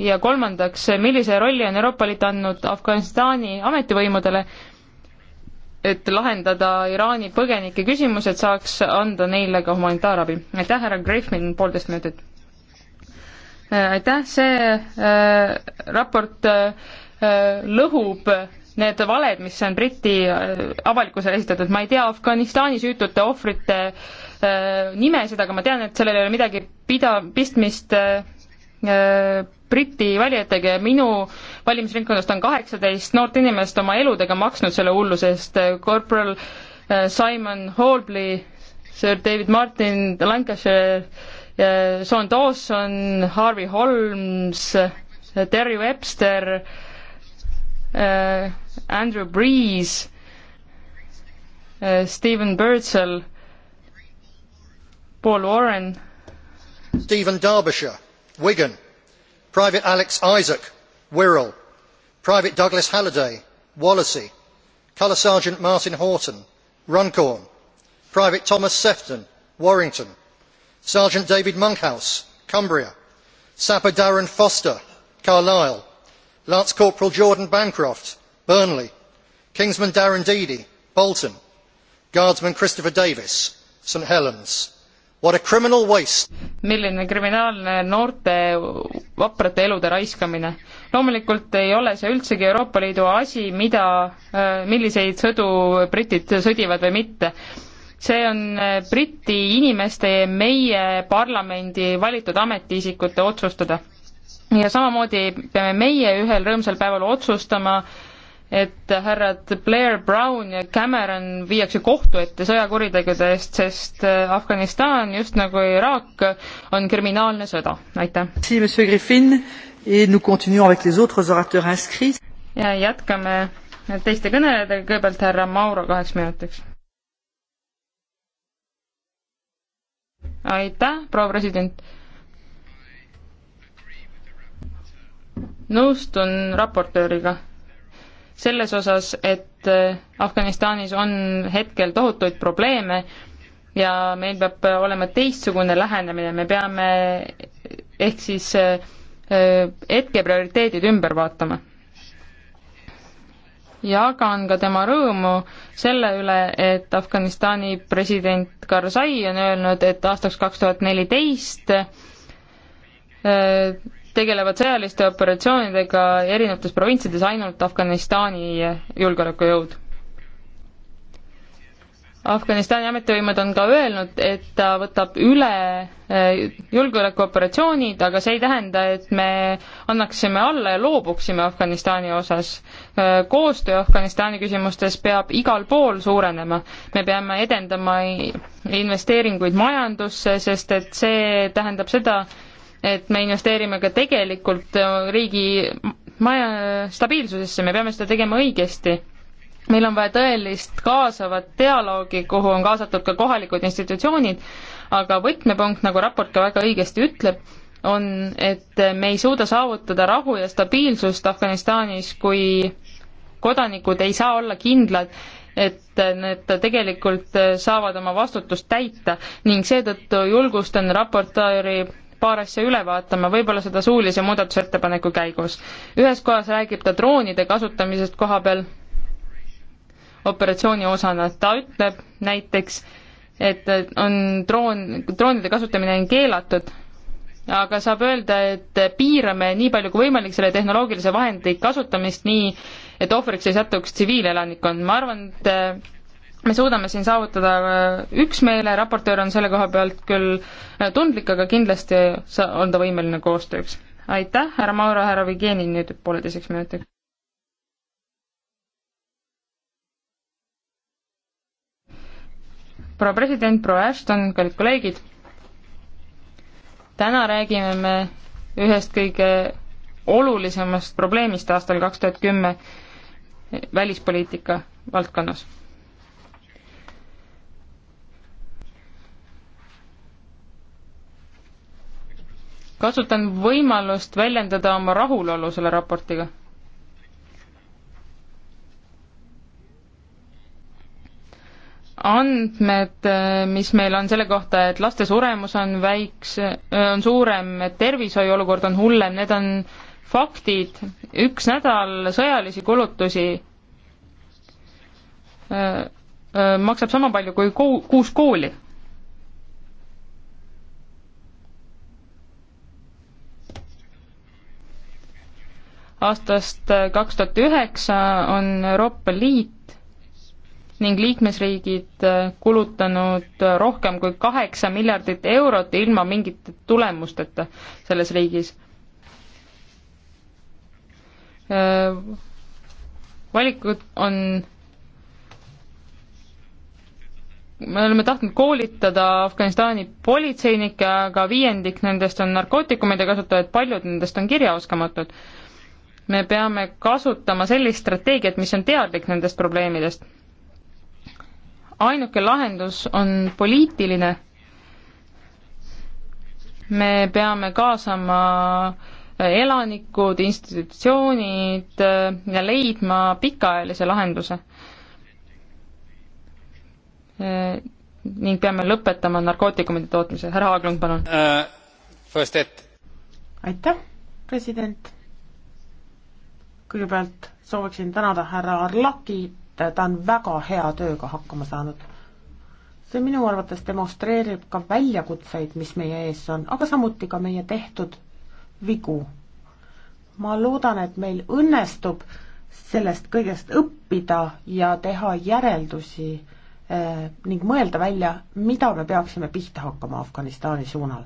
ja kolmandaks, millise rolli on Euroopa Liit andnud Afganistani ametivõimudele, et lahendada Iraani põgenike küsimus, et saaks anda neile ka humanitaarabi? aitäh, härra Griffin, poolteist minutit. Äh, aitäh, see äh, raport äh, lõhub need valed, mis on Briti äh, avalikkusele esitatud, ma ei tea Afganistani süütute ohvrite äh, Äh, nimesid, aga ma tean, et sellel ei ole midagi pida-, pistmist äh, äh, Briti valijatega ja minu valimisringkonnast on kaheksateist noort inimest oma eludega maksnud selle hulluse eest, korporal Simon Holbly, Sir David Martin Lancashire, Sean Dawson, Harvey Holmes, Terry Webster, Andrew Breeze, Steven Birdsell Paul Warren. Stephen Derbyshire, Wigan. Private Alex Isaac, Wirral. Private Douglas Halliday, Wallasey. Colour Sergeant Martin Horton, Runcorn. Private Thomas Sefton, Warrington. Sergeant David Monkhouse, Cumbria. Sapper Darren Foster, Carlisle. Lance Corporal Jordan Bancroft, Burnley. Kingsman Darren Deedy, Bolton. Guardsman Christopher Davis, St Helens milline kriminaalne noorte vaprate elude raiskamine. loomulikult ei ole see üldsegi Euroopa Liidu asi, mida, äh, milliseid sõdu britid sõdivad või mitte. see on äh, Briti inimeste ja meie parlamendi valitud ametiisikute otsustada. ja samamoodi peame meie ühel rõõmsal päeval otsustama, et härrad Blair Brown ja Cameron viiakse kohtu ette sõjakuritegude eest, sest äh, Afganistan, just nagu Iraak, on kriminaalne sõda. aitäh! ja jätkame teiste kõnelejatega, kõigepealt härra Mauro kaheks minutiks. aitäh, proua president! nõustun raportööriga selles osas, et äh, Afganistanis on hetkel tohutuid probleeme ja meil peab olema teistsugune lähenemine, me peame ehk siis äh, äh, hetke prioriteedid ümber vaatama. jagan ka tema rõõmu selle üle, et Afganistani president Karzai on öelnud, et aastaks kaks tuhat neliteist tegelevad sõjaliste operatsioonidega erinevates provintsides ainult Afganistani julgeolekujõud. Afganistani ametivõimed on ka öelnud, et ta võtab üle eh, julgeolekuoperatsioonid, aga see ei tähenda, et me annaksime alla ja loobuksime Afganistani osas. Eh, koostöö Afganistani küsimustes peab igal pool suurenema. me peame edendama investeeringuid majandusse, sest et see tähendab seda, et me investeerime ka tegelikult äh, riigi maja stabiilsusesse, me peame seda tegema õigesti. meil on vaja tõelist kaasavat dialoogi, kuhu on kaasatud ka kohalikud institutsioonid, aga võtmepunkt, nagu raport ka väga õigesti ütleb, on, et me ei suuda saavutada rahu ja stabiilsust Afganistanis, kui kodanikud ei saa olla kindlad, et need tegelikult saavad oma vastutust täita ning seetõttu julgustan raportööri paar asja üle vaatama, võib-olla seda suulise muudatusettepaneku käigus. ühes kohas räägib ta droonide kasutamisest koha peal operatsiooni osana, ta ütleb näiteks, et on droon, droonide kasutamine on keelatud, aga saab öelda, et piirame nii palju kui võimalik selle tehnoloogilise vahendi kasutamist nii, et ohvriks ei satuks tsiviilelanikkond, ma arvan, et me suudame siin saavutada äh, üksmeele, raportöör on selle koha pealt küll äh, tundlik, aga kindlasti on ta võimeline koostööks. aitäh, härra Mauro, härra Vigenin nüüd pooleteiseks minutiks. proua president, proua Ashton, kallid kolleegid, täna räägime me ühest kõige olulisemast probleemist aastal kaks tuhat kümme välispoliitika valdkonnas kasutan võimalust väljendada oma rahulolu selle raportiga. andmed, mis meil on selle kohta, et laste suremus on väiks-, on suurem, et tervishoiu olukord on hullem, need on faktid, üks nädal sõjalisi kulutusi öö, äh, öö, äh, maksab sama palju kui kou-, kuus kooli aastast äh, kaks tuhat üheksa on Euroopa Liit ning liikmesriigid äh, kulutanud äh, rohkem kui kaheksa miljardit eurot ilma mingite tulemusteta selles riigis. valikud on, me oleme tahtnud koolitada Afganistani politseinikke, aga viiendik nendest on narkootikumide kasutajad, paljud nendest on kirjaoskamatud me peame kasutama sellist strateegiat, mis on teadlik nendest probleemidest. ainuke lahendus on poliitiline. me peame kaasama elanikud, institutsioonid äh, ja leidma pikaajalise lahenduse. Äh, ning peame lõpetama narkootikumide tootmise. härra Haaglund, palun uh,. aitäh, president kõigepealt sooviksin tänada härra Arlaki, ta on väga hea tööga hakkama saanud. see minu arvates demonstreerib ka väljakutseid, mis meie ees on, aga samuti ka meie tehtud vigu. ma loodan, et meil õnnestub sellest kõigest õppida ja teha järeldusi eh, ning mõelda välja, mida me peaksime pihta hakkama Afganistani suunal.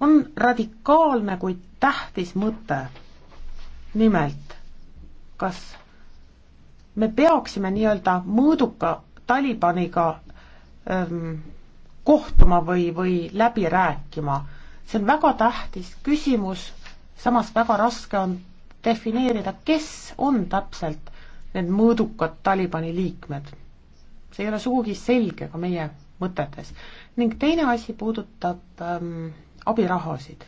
on radikaalne, kuid tähtis mõte nimelt, kas me peaksime nii-öelda mõõduka Talibaniga öm, ähm, kohtuma või, või läbi rääkima, see on väga tähtis küsimus, samas väga raske on defineerida, kes on täpselt need mõõdukad Talibani liikmed. see ei ole sugugi selge ka meie mõtetes. ning teine asi puudutab ähm, abirahasid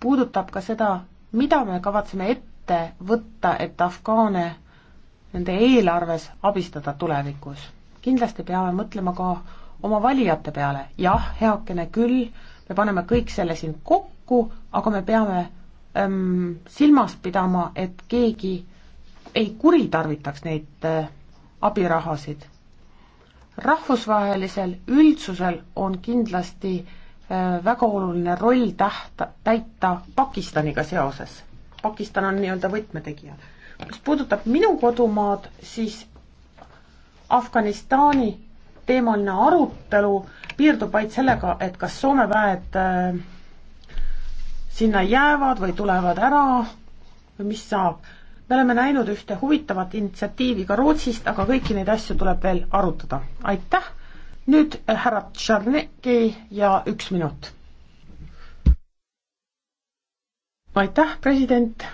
puudutab ka seda, mida me kavatseme ette võtta, et afgaane nende eelarves abistada tulevikus. kindlasti peame mõtlema ka oma valijate peale, jah, heakene küll, me paneme kõik selle siin kokku, aga me peame ähm, silmas pidama, et keegi ei kuritarvitaks neid äh, abirahasid. rahvusvahelisel üldsusel on kindlasti äh, Äh, väga oluline roll tähta, täita Pakistaniga seoses. Pakistan on nii-öelda võtmetegija. mis puudutab minu kodumaad, siis Afganistani teemaline arutelu piirdub vaid sellega, et kas Soome väed äh, sinna jäävad või tulevad ära või mis saab. me oleme näinud ühte huvitavat initsiatiivi ka Rootsist, aga kõiki neid asju tuleb veel arutada. aitäh! nüüd äh, härra Tšarneki ja üks minut. aitäh, president.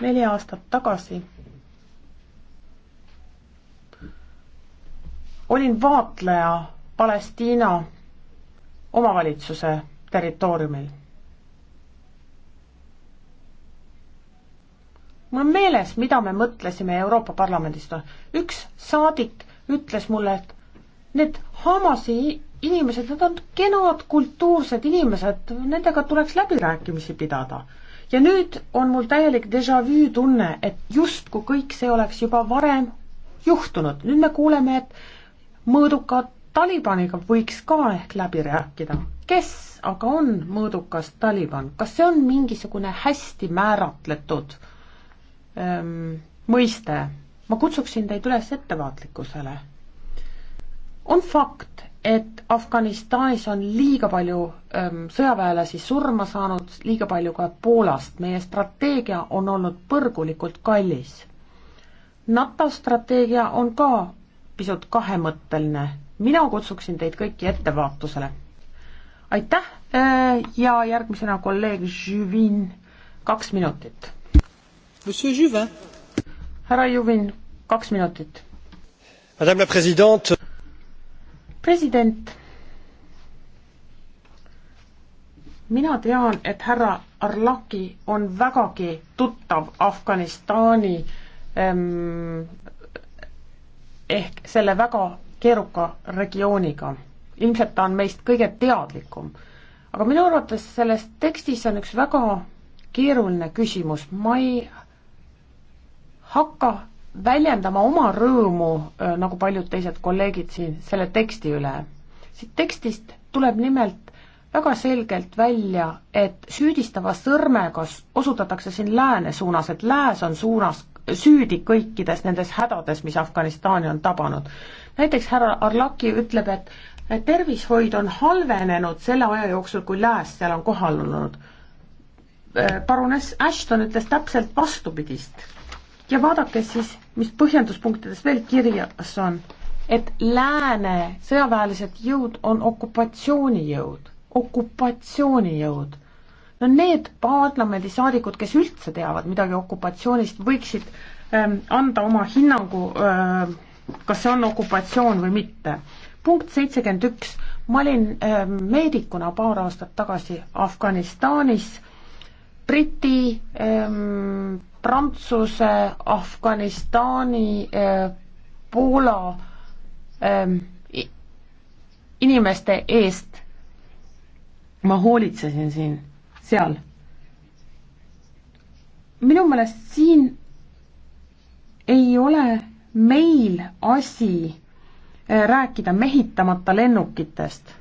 neli aastat tagasi olin vaatleja Palestiina omavalitsuse territooriumil. mul on meeles, mida me mõtlesime Euroopa Parlamendist, üks saadik ütles mulle, et need Hamasi inimesed, nad on kenad kultuursed inimesed, nendega tuleks läbirääkimisi pidada. ja nüüd on mul täielik déjà vu tunne, et justkui kõik see oleks juba varem juhtunud, nüüd me kuuleme, et mõõduka Talibaniga võiks ka ehk läbi rääkida. kes aga on mõõdukas Taliban, kas see on mingisugune hästi määratletud öö, ähm, mõiste? ma kutsuksin teid üles ettevaatlikkusele on fakt, et Afganistanis on liiga palju ähm, sõjaväelasi surma saanud, liiga palju ka Poolast, meie strateegia on olnud põrgulikult kallis. NATO strateegia on ka pisut kahemõtteline, mina kutsuksin teid kõiki ettevaatusele. aitäh äh, ja järgmisena kolleeg Juvin, kaks minutit. härra Juvin, kaks minutit. Madame la présidente, president, mina tean, et härra Arlaki on vägagi tuttav Afganistani ähm, ehk selle väga keeruka regiooniga. ilmselt ta on meist kõige teadlikum. aga minu arvates selles tekstis on üks väga keeruline küsimus, ma ei hakka väljendama oma rõõmu, äh, nagu paljud teised kolleegid siin, selle teksti üle. siit tekstist tuleb nimelt väga selgelt välja, et süüdistava sõrmega osutatakse siin lääne suunas, et lääs on suunas süüdi kõikides nendes hädades, mis Afganistani on tabanud. näiteks härra Arlaki ütleb, et tervishoid on halvenenud selle aja jooksul, kui lääs seal on kohal olnud. Äh, paruness Ashton ütles täpselt vastupidist ja vaadake siis, mis põhjenduspunktides veel kirjas on, et lääne sõjaväelised jõud on okupatsioonijõud, okupatsioonijõud. no need parlamendisaadikud, kes üldse teavad midagi okupatsioonist, võiksid ähm, anda oma hinnangu ähm,, kas see on okupatsioon või mitte. punkt seitsekümmend üks, ma olin ähm, meedikuna paar aastat tagasi Afganistanis äh, Briti ähm,, Prantsuse, Afganistani äh,, Poola ähm, inimeste eest ma hoolitsesin siin, seal. minu meelest siin ei ole meil asi eh, rääkida mehitamata lennukitest.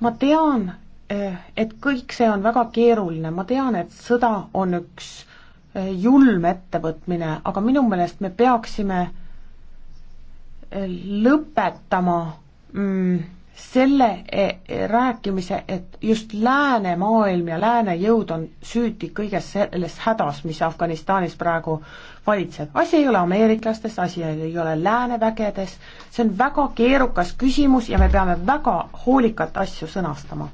ma tean, Eh, et kõik see on väga keeruline, ma tean, et sõda on üks eh, julm ettevõtmine, aga minu meelest me peaksime eh, lõpetama mm, selle e, e, rääkimise, et just läänemaailm ja lääne jõud on süüdi kõiges selles hädas, mis Afganistanis praegu valitseb. asi ei ole ameeriklastes, asi ei ole lääne vägedes, see on väga keerukas küsimus ja me peame väga hoolikalt asju sõnastama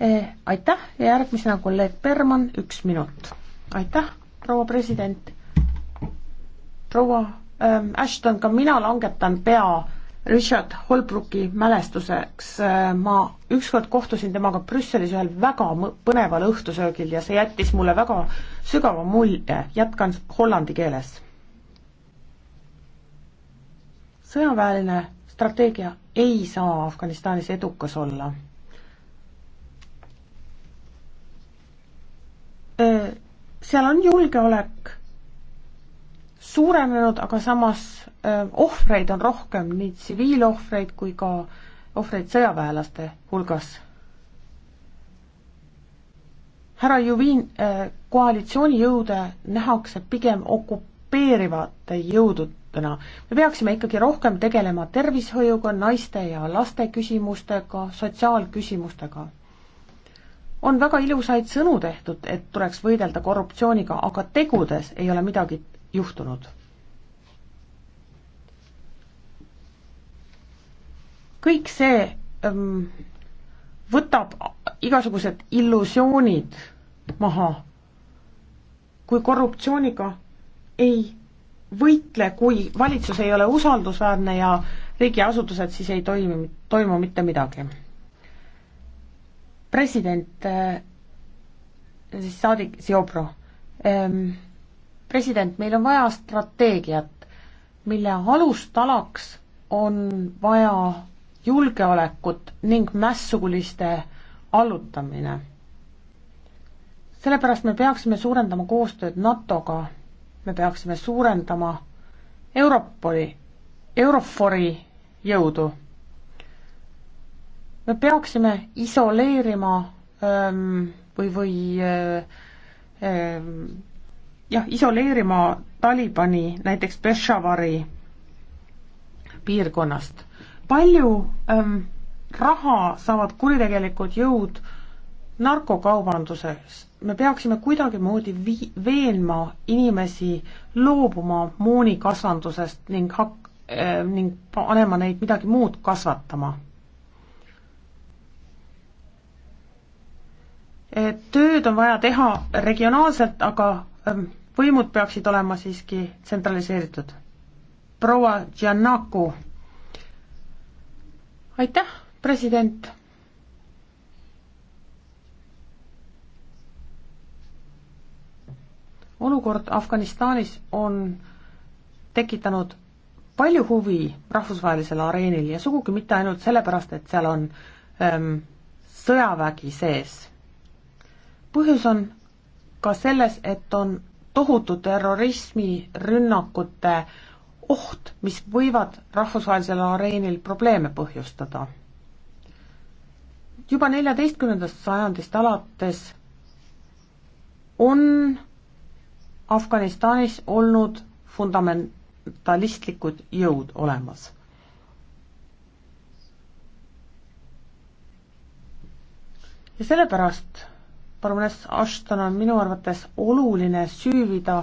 Eh, aitäh ja järgmisena kolleeg Berman, üks minut. aitäh, proua president. proua ähm, Ashton, ka mina langetan pea Richard Holbrooki mälestuseks. Äh, ma ükskord kohtusin temaga Brüsselis ühel väga põneval õhtusöögil ja see jättis mulle väga sügava mulje. jätkan hollandi keeles. sõjaväeline strateegia ei saa Afganistanis edukas olla seal on julgeolek suurenenud, aga samas ohvreid on rohkem, nii tsiviilohvreid kui ka ohvreid sõjaväelaste hulgas. härra Juvin, koalitsioonijõude nähakse pigem okupeerivate jõududena. me peaksime ikkagi rohkem tegelema tervishoiuga, naiste ja laste küsimustega, sotsiaalküsimustega on väga ilusaid sõnu tehtud, et tuleks võidelda korruptsiooniga, aga tegudes ei ole midagi juhtunud. kõik see öm, ähm, võtab igasugused illusioonid maha. kui korruptsiooniga ei võitle, kui valitsus ei ole usaldusväärne ja riigiasutused, siis ei toimi, toimu mitte midagi president, äh, siis saadik Siobro, ähm, president, meil on vaja strateegiat, mille alustalaks on vaja julgeolekut ning mässuguliste allutamine. sellepärast me peaksime suurendama koostööd NATO-ga, me peaksime suurendama Europoli, Eurofori jõudu me peaksime isoleerima öö, ähm, või, või öö, äh, ähm, jah, isoleerima Talibani näiteks Peshawari piirkonnast. palju öö, ähm, raha saavad kuritegelikud jõud narkokaubandusest? me peaksime kuidagimoodi vi-, veenma inimesi loobuma moonikasvandusest ning hak-, äh, ning panema neid midagi muud kasvatama tööd on vaja teha regionaalselt, aga ähm, võimud peaksid olema siiski tsentraliseeritud. proua Giannaku. aitäh, president. olukord Afganistanis on tekitanud palju huvi rahvusvahelisel areenil ja sugugi mitte ainult sellepärast, et seal on ähm, sõjavägi sees põhjus on ka selles, et on tohutu terrorismirünnakute oht, mis võivad rahvusvahelisel areenil probleeme põhjustada. juba neljateistkümnendast sajandist alates on Afganistanis olnud fundamentalistlikud jõud olemas. ja sellepärast paruness Ashton on minu arvates oluline süüvida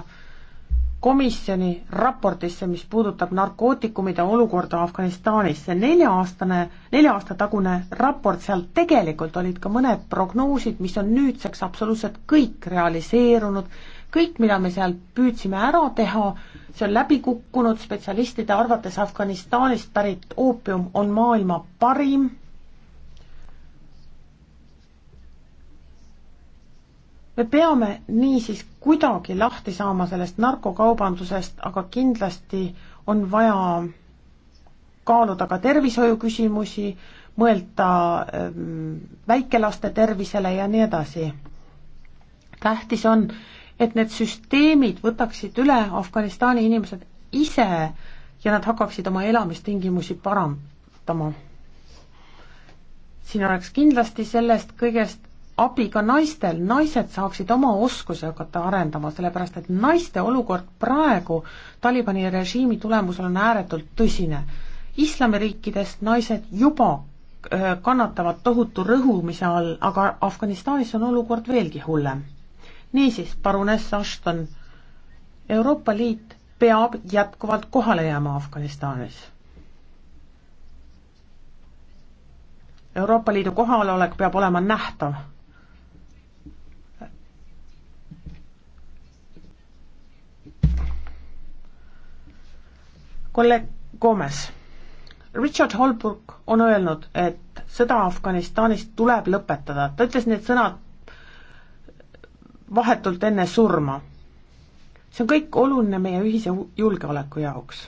komisjoni raportisse, mis puudutab narkootikumide olukorda Afganistanis. see nelja-aastane, nelja aasta tagune raport, seal tegelikult olid ka mõned prognoosid, mis on nüüdseks absoluutselt kõik realiseerunud, kõik, mida me seal püüdsime ära teha, see on läbi kukkunud, spetsialistide arvates Afganistanist pärit oopium on maailma parim, me peame niisiis kuidagi lahti saama sellest narkokaubandusest, aga kindlasti on vaja kaaluda ka tervishoiuküsimusi, mõelda ehm, väikelaste tervisele ja nii edasi. tähtis on, et need süsteemid võtaksid üle Afganistani inimesed ise ja nad hakkaksid oma elamistingimusi parandama. siin oleks kindlasti sellest kõigest abi ka naistel, naised saaksid oma oskusi hakata arendama, sellepärast et naiste olukord praegu Talibani režiimi tulemusel on ääretult tõsine. islamiriikidest naised juba kannatavad tohutu rõhumise all, aga Afganistanis on olukord veelgi hullem. niisiis, paruness Ashton, Euroopa Liit peab jätkuvalt kohale jääma Afganistanis Euroopa Liidu kohalolek peab olema nähtav kolleeg Gomes, Richard Holbrook on öelnud, et sõda Afganistanis tuleb lõpetada, ta ütles need sõnad vahetult enne surma. see on kõik oluline meie ühise julgeoleku jaoks.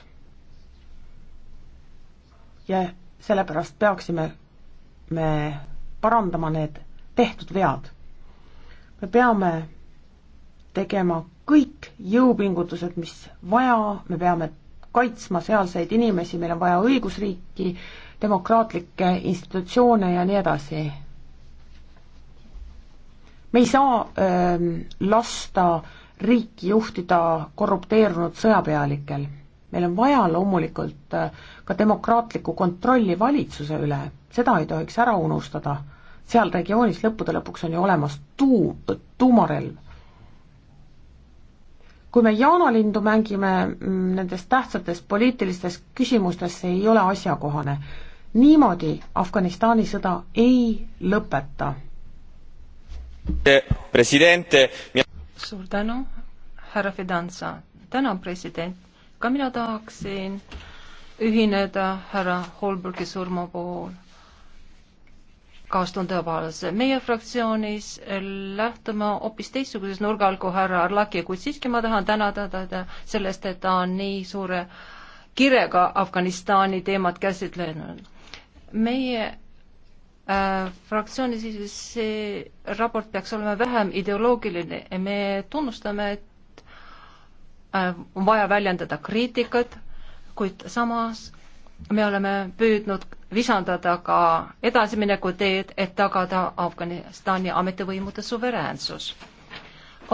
ja sellepärast peaksime me parandama need tehtud vead. me peame tegema kõik jõupingutused, mis vaja, me peame kaitsma sealseid inimesi, meil on vaja õigusriiki, demokraatlikke institutsioone ja nii edasi. me ei saa öö, ähm, lasta riiki juhtida korrupteerunud sõjapealikel. meil on vaja loomulikult äh, ka demokraatlikku kontrolli valitsuse üle, seda ei tohiks ära unustada. seal regioonis lõppude lõpuks on ju olemas tuu-, tuumarelv kui me jaanalindu mängime mm, nendes tähtsates poliitilistes küsimustes, see ei ole asjakohane. niimoodi Afganistani sõda ei lõpeta. suur tänu, härra Fidanza. tänan, president. ka mina tahaksin ühineda härra Holbergi surma puhul kaastun tõepoolest. meie fraktsioonis lähtume hoopis teistsuguses nurgal kui härra Arlaki, kuid siiski ma tahan tänada teda sellest, et ta on nii suure kirega Afganistani teemat käsitlenud. meie äh, fraktsiooni siis see raport peaks olema vähem ideoloogiline ja me tunnustame, et äh, on vaja väljendada kriitikat, kuid samas me oleme püüdnud visandada ka edasimineku teed, et tagada Afganistani ametivõimude suveräänsus.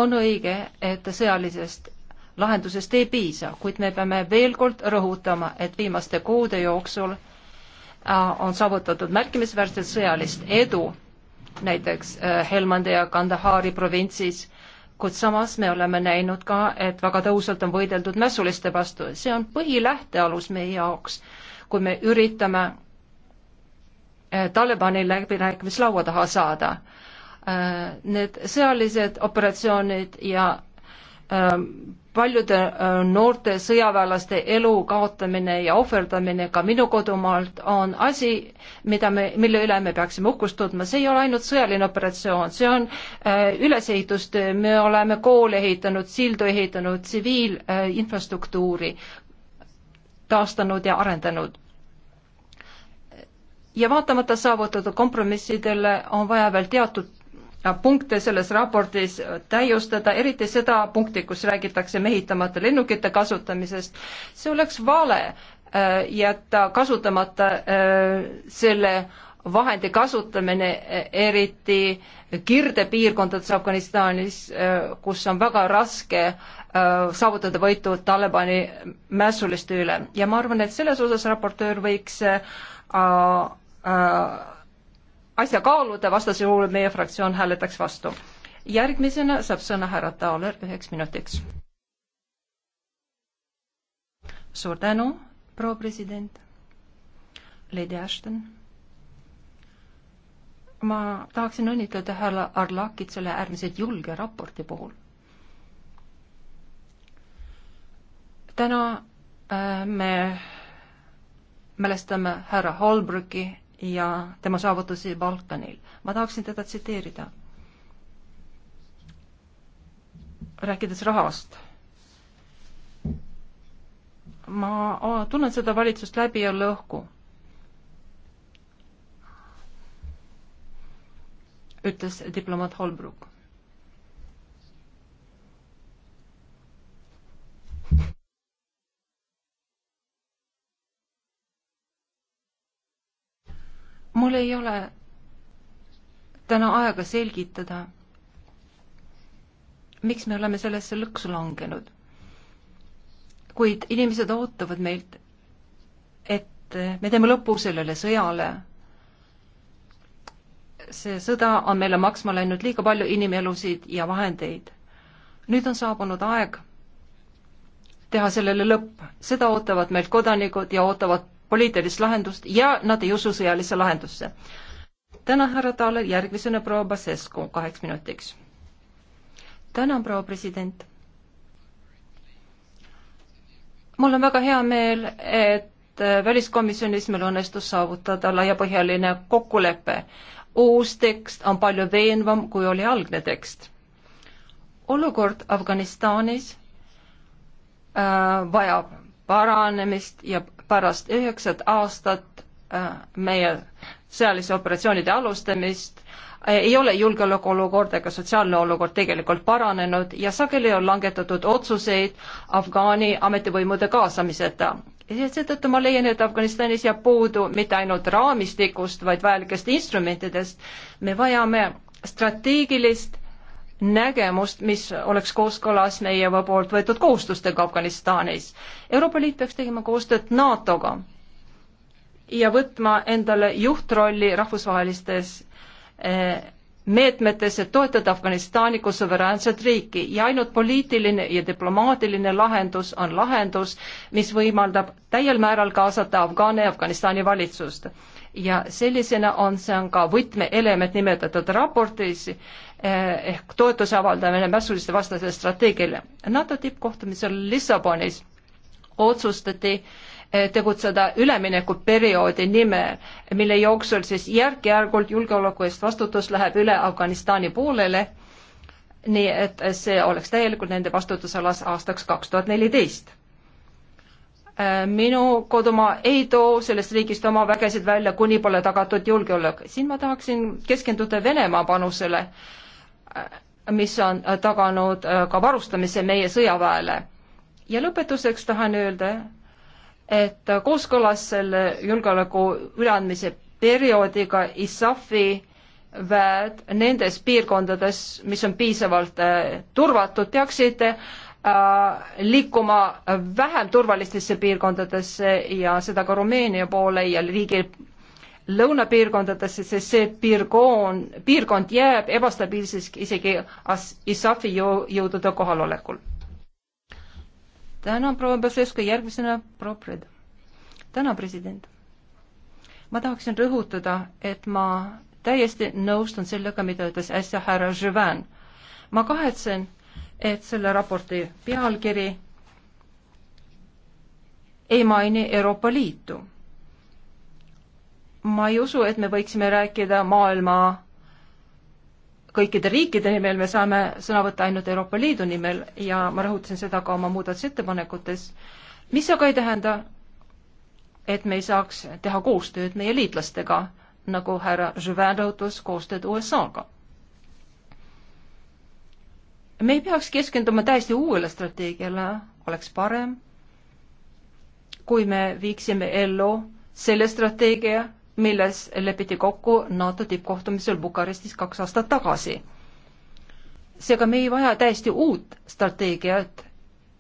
on õige, et sõjalisest lahendusest ei piisa, kuid me peame veel kord rõhutama, et viimaste kuude jooksul äh, on saavutatud märkimisväärset sõjalist edu, näiteks äh, Helmande ja Kandahari provintsis, kuid samas me oleme näinud ka, et väga tõhusalt on võideldud mässuliste vastu, see on põhilähtealus meie jaoks kui me üritame eh, Talibani läbirääkimislaua taha saada. Eh, need sõjalised operatsioonid ja eh, paljude noorte sõjaväelaste elu kaotamine ja ohverdamine ka minu kodumaalt on asi, mida me, mille üle me peaksime uhkust tundma, see ei ole ainult sõjaline operatsioon, see on ülesehitustöö, me oleme koole ehitanud, sildu ehitanud, tsiviilinfrastruktuuri taastanud ja arendanud ja vaatamata saavutatud kompromissidele on vaja veel teatud punkte selles raportis täiustada, eriti seda punkti, kus räägitakse mehitamata lennukite kasutamisest. see oleks vale äh, jätta kasutamata äh, selle vahendi kasutamine, äh, eriti kirdepiirkondades Afganistanis, kus on väga raske saavutada võitu Talibani mässuliste üle ja ma arvan, et selles osas raportöör võiks Äh, asja kaaluda, vastasel juhul meie fraktsioon hääletaks vastu. järgmisena saab sõna härra Taaler üheks minutiks. suur tänu, proua president, Lady Ashton. ma tahaksin õnnitleda härra Arlakit selle äärmiselt julge raporti puhul. täna äh, me mälestame härra Holbrooki ja tema saavutusi Balkanil. ma tahaksin teda tsiteerida. rääkides rahast. ma tunnen seda valitsust läbi ja lõhku. ütles diplomaat Holbrook mul ei ole täna aega selgitada, miks me oleme sellesse lõksu langenud. kuid inimesed ootavad meilt, et me teeme lõpu sellele sõjale. see sõda on meile maksma läinud liiga palju inimelusid ja vahendeid. nüüd on saabunud aeg teha sellele lõpp, seda ootavad meilt kodanikud ja ootavad poliitilist lahendust ja nad ei usu sõjalisse lahendusse. tänan, härra Taaler, järgmisena proua Basescu kaheks minutiks. tänan, proua president. mul on väga hea meel, et väliskomisjonis meil õnnestus saavutada laiapõhjaline kokkulepe. uus tekst on palju veenvam, kui oli algne tekst. olukord Afganistanis äh, vajab paranemist ja pärast üheksat aastat äh, meie sõjalise operatsioonide alustamist äh, ei ole julgeolekuolukord ega sotsiaalne olukord tegelikult paranenud ja sageli on langetatud otsuseid Afgaani ametivõimude kaasamiseta. seetõttu ma leian, et Afganistanis jääb puudu mitte ainult raamistikust, vaid vajalikest instrumentidest. me vajame strateegilist nägemust, mis oleks kooskõlas meie poolt võetud kohustustega Afganistanis. Euroopa Liit peaks tegema koostööd NATO-ga ja võtma endale juhtrolli rahvusvahelistes eh, meetmetes, et toetada Afganistani kui suveräänset riiki ja ainult poliitiline ja diplomaatiline lahendus on lahendus, mis võimaldab täiel määral kaasata Afgaane ja Afganistani valitsust. ja sellisena on see on ka võtmeelement nimetatud raportis Eh, ehk toetuse avaldamine mässuliste vastasele strateegiale. NATO tippkohtumisel Lissabonis otsustati eh, tegutseda üleminekuperioodi nime, mille jooksul siis järk-järgult julgeoleku eest vastutus läheb üle Afganistani poolele, nii et see oleks täielikult nende vastutusalas aastaks kaks tuhat neliteist. Eh, minu kodumaa ei too sellest riigist oma vägesid välja, kuni pole tagatud julgeolek. siin ma tahaksin keskenduda Venemaa panusele äh, mis on äh, taganud äh, ka varustamise meie sõjaväele. ja lõpetuseks tahan öelda, et äh, kooskõlas selle julgeoleku üleandmise perioodiga ISAF-i väed nendes piirkondades, mis on piisavalt turvatud, peaksid liikuma vähem turvalistesse piirkondadesse ja seda ka Rumeenia poole ja riigil lõunapiirkondadesse, sest see piirkoon, piirkond jääb ebastabiilseks isegi as-, ISAF-i jõudude kohalolekul. tänan, proua Basesko, järgmisena proua Preda. tänan, president. ma tahaksin rõhutada, et ma täiesti nõustun sellega, mida ütles äsja härra Jüvan. ma kahetsen, et selle raporti pealkiri ei maini Euroopa Liitu ma ei usu, et me võiksime rääkida maailma kõikide riikide nimel, me saame sõna võtta ainult Euroopa Liidu nimel ja ma rõhutasin seda ka oma muudatusettepanekutes, mis aga ei tähenda, et me ei saaks teha koostööd meie liitlastega, nagu härra Juvin rõhutas, koostööd USA-ga. me ei peaks keskenduma täiesti uuele strateegiale, oleks parem, kui me viiksime ellu selle strateegia, milles lepiti kokku NATO tippkohtumisel Bukarestis kaks aastat tagasi. seega me ei vaja täiesti uut strateegiat,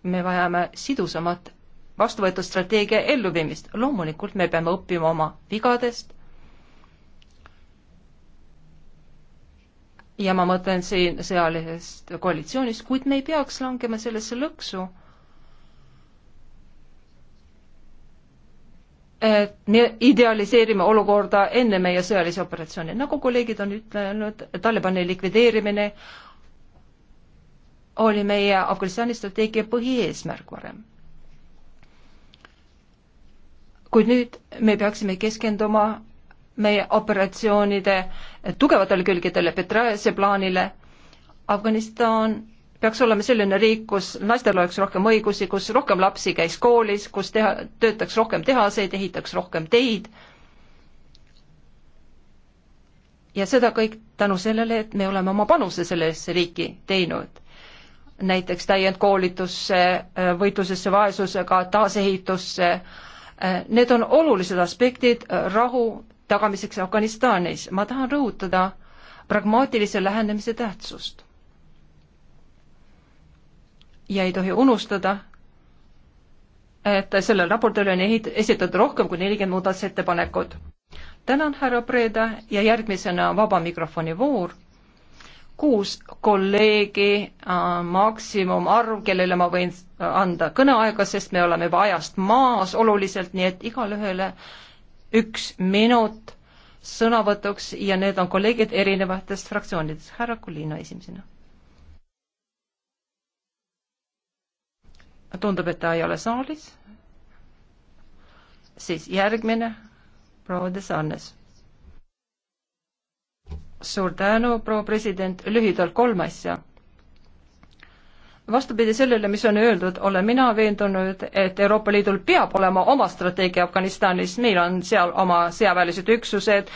me vajame sidusamat vastuvõetud strateegia elluviimist. loomulikult me peame õppima oma vigadest. ja ma mõtlen siin sõjalisest koalitsioonist, kuid me ei peaks langema sellesse lõksu et me idealiseerime olukorda enne meie sõjalisi operatsioone. nagu kolleegid on ütelnud, Talibani likvideerimine oli meie Afganistani strateegia põhieesmärk varem. kuid nüüd me peaksime keskenduma meie operatsioonide tugevatele külgedele, Petraeuse plaanile. Afganistan peaks olema selline riik, kus naistel oleks rohkem õigusi, kus rohkem lapsi käis koolis, kus teha, töötaks rohkem tehaseid, ehitaks rohkem teid. ja seda kõik tänu sellele, et me oleme oma panuse sellesse riiki teinud. näiteks täiendkoolitusse, võitlusesse vaesusega, taasehitusse. Need on olulised aspektid rahu tagamiseks Afganistanis. ma tahan rõhutada pragmaatilise lähenemise tähtsust ja ei tohi unustada, et sellel raportil on ehit-, esitatud rohkem kui nelikümmend muudatusettepanekut. tänan, härra Preeda, ja järgmisena vaba mikrofoni voor. kuus kolleegi äh, maksimumarv, kellele ma võin äh, anda kõneaega, sest me oleme juba ajast maas oluliselt, nii et igale ühele üks minut sõnavõtuks ja need on kolleegid erinevatest fraktsioonidest. härra Kulino esimesena tundub, et ta ei ole saalis. siis järgmine, proua de Sarnes. suur tänu, proua president, lühidalt kolm asja vastupidi sellele, mis on öeldud, olen mina veendunud, et Euroopa Liidul peab olema oma strateegia Afganistanis, meil on seal oma sõjaväelised üksused,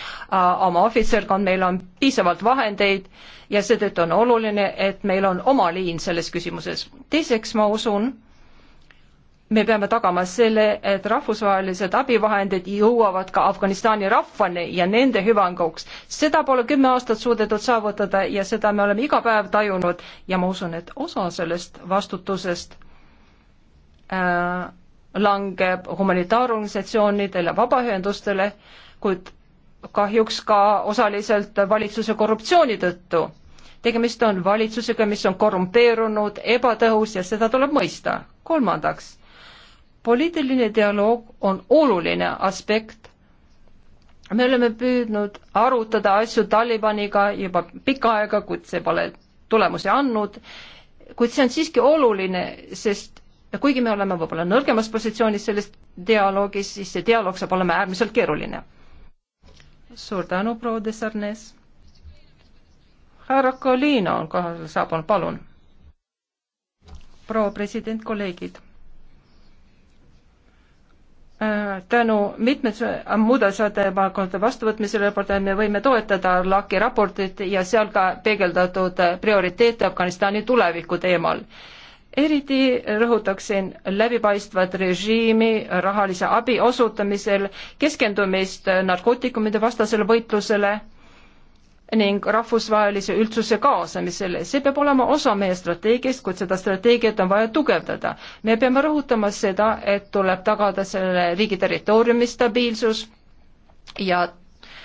oma ohvitserkond, meil on piisavalt vahendeid ja seetõttu on oluline, et meil on oma liin selles küsimuses. teiseks ma usun, me peame tagama selle, et rahvusvahelised abivahendid jõuavad ka Afganistani rahvani ja nende hüvanguks. seda pole kümme aastat suudetud saavutada ja seda me oleme iga päev tajunud ja ma usun, et osa sellest vastutusest äh, langeb humanitaarorganisatsioonidele, vabaühendustele, kuid kahjuks ka osaliselt valitsuse korruptsiooni tõttu. tegemist on valitsusega, mis on korrumpeerunud, ebatõhus ja seda tuleb mõista. kolmandaks poliitiline dialoog on oluline aspekt. me oleme püüdnud arutada asju Talibaniga juba pikka aega, kuid see pole tulemusi andnud. kuid see on siiski oluline, sest kuigi me oleme võib-olla nõrgemas positsioonis selles dialoogis, siis see dialoog saab olema äärmiselt keeruline. suur tänu, proua de Sarnes. härra Colino on kohal saabunud, palun. proua president, kolleegid Äh, tänu mitmes äh, muudatusettepanekute vastuvõtmisele me võime toetada LAK-i raportit ja seal ka peegeldatud äh, prioriteete Afganistani tuleviku teemal. eriti rõhutaksin läbipaistvat režiimi rahalise abi osutamisel, keskendumist narkootikumide vastasele võitlusele ning rahvusvahelise üldsuse kaasamisele. see peab olema osa meie strateegiast, kuid seda strateegiat on vaja tugevdada. me peame rõhutama seda, et tuleb tagada selle riigi territooriumi stabiilsus ja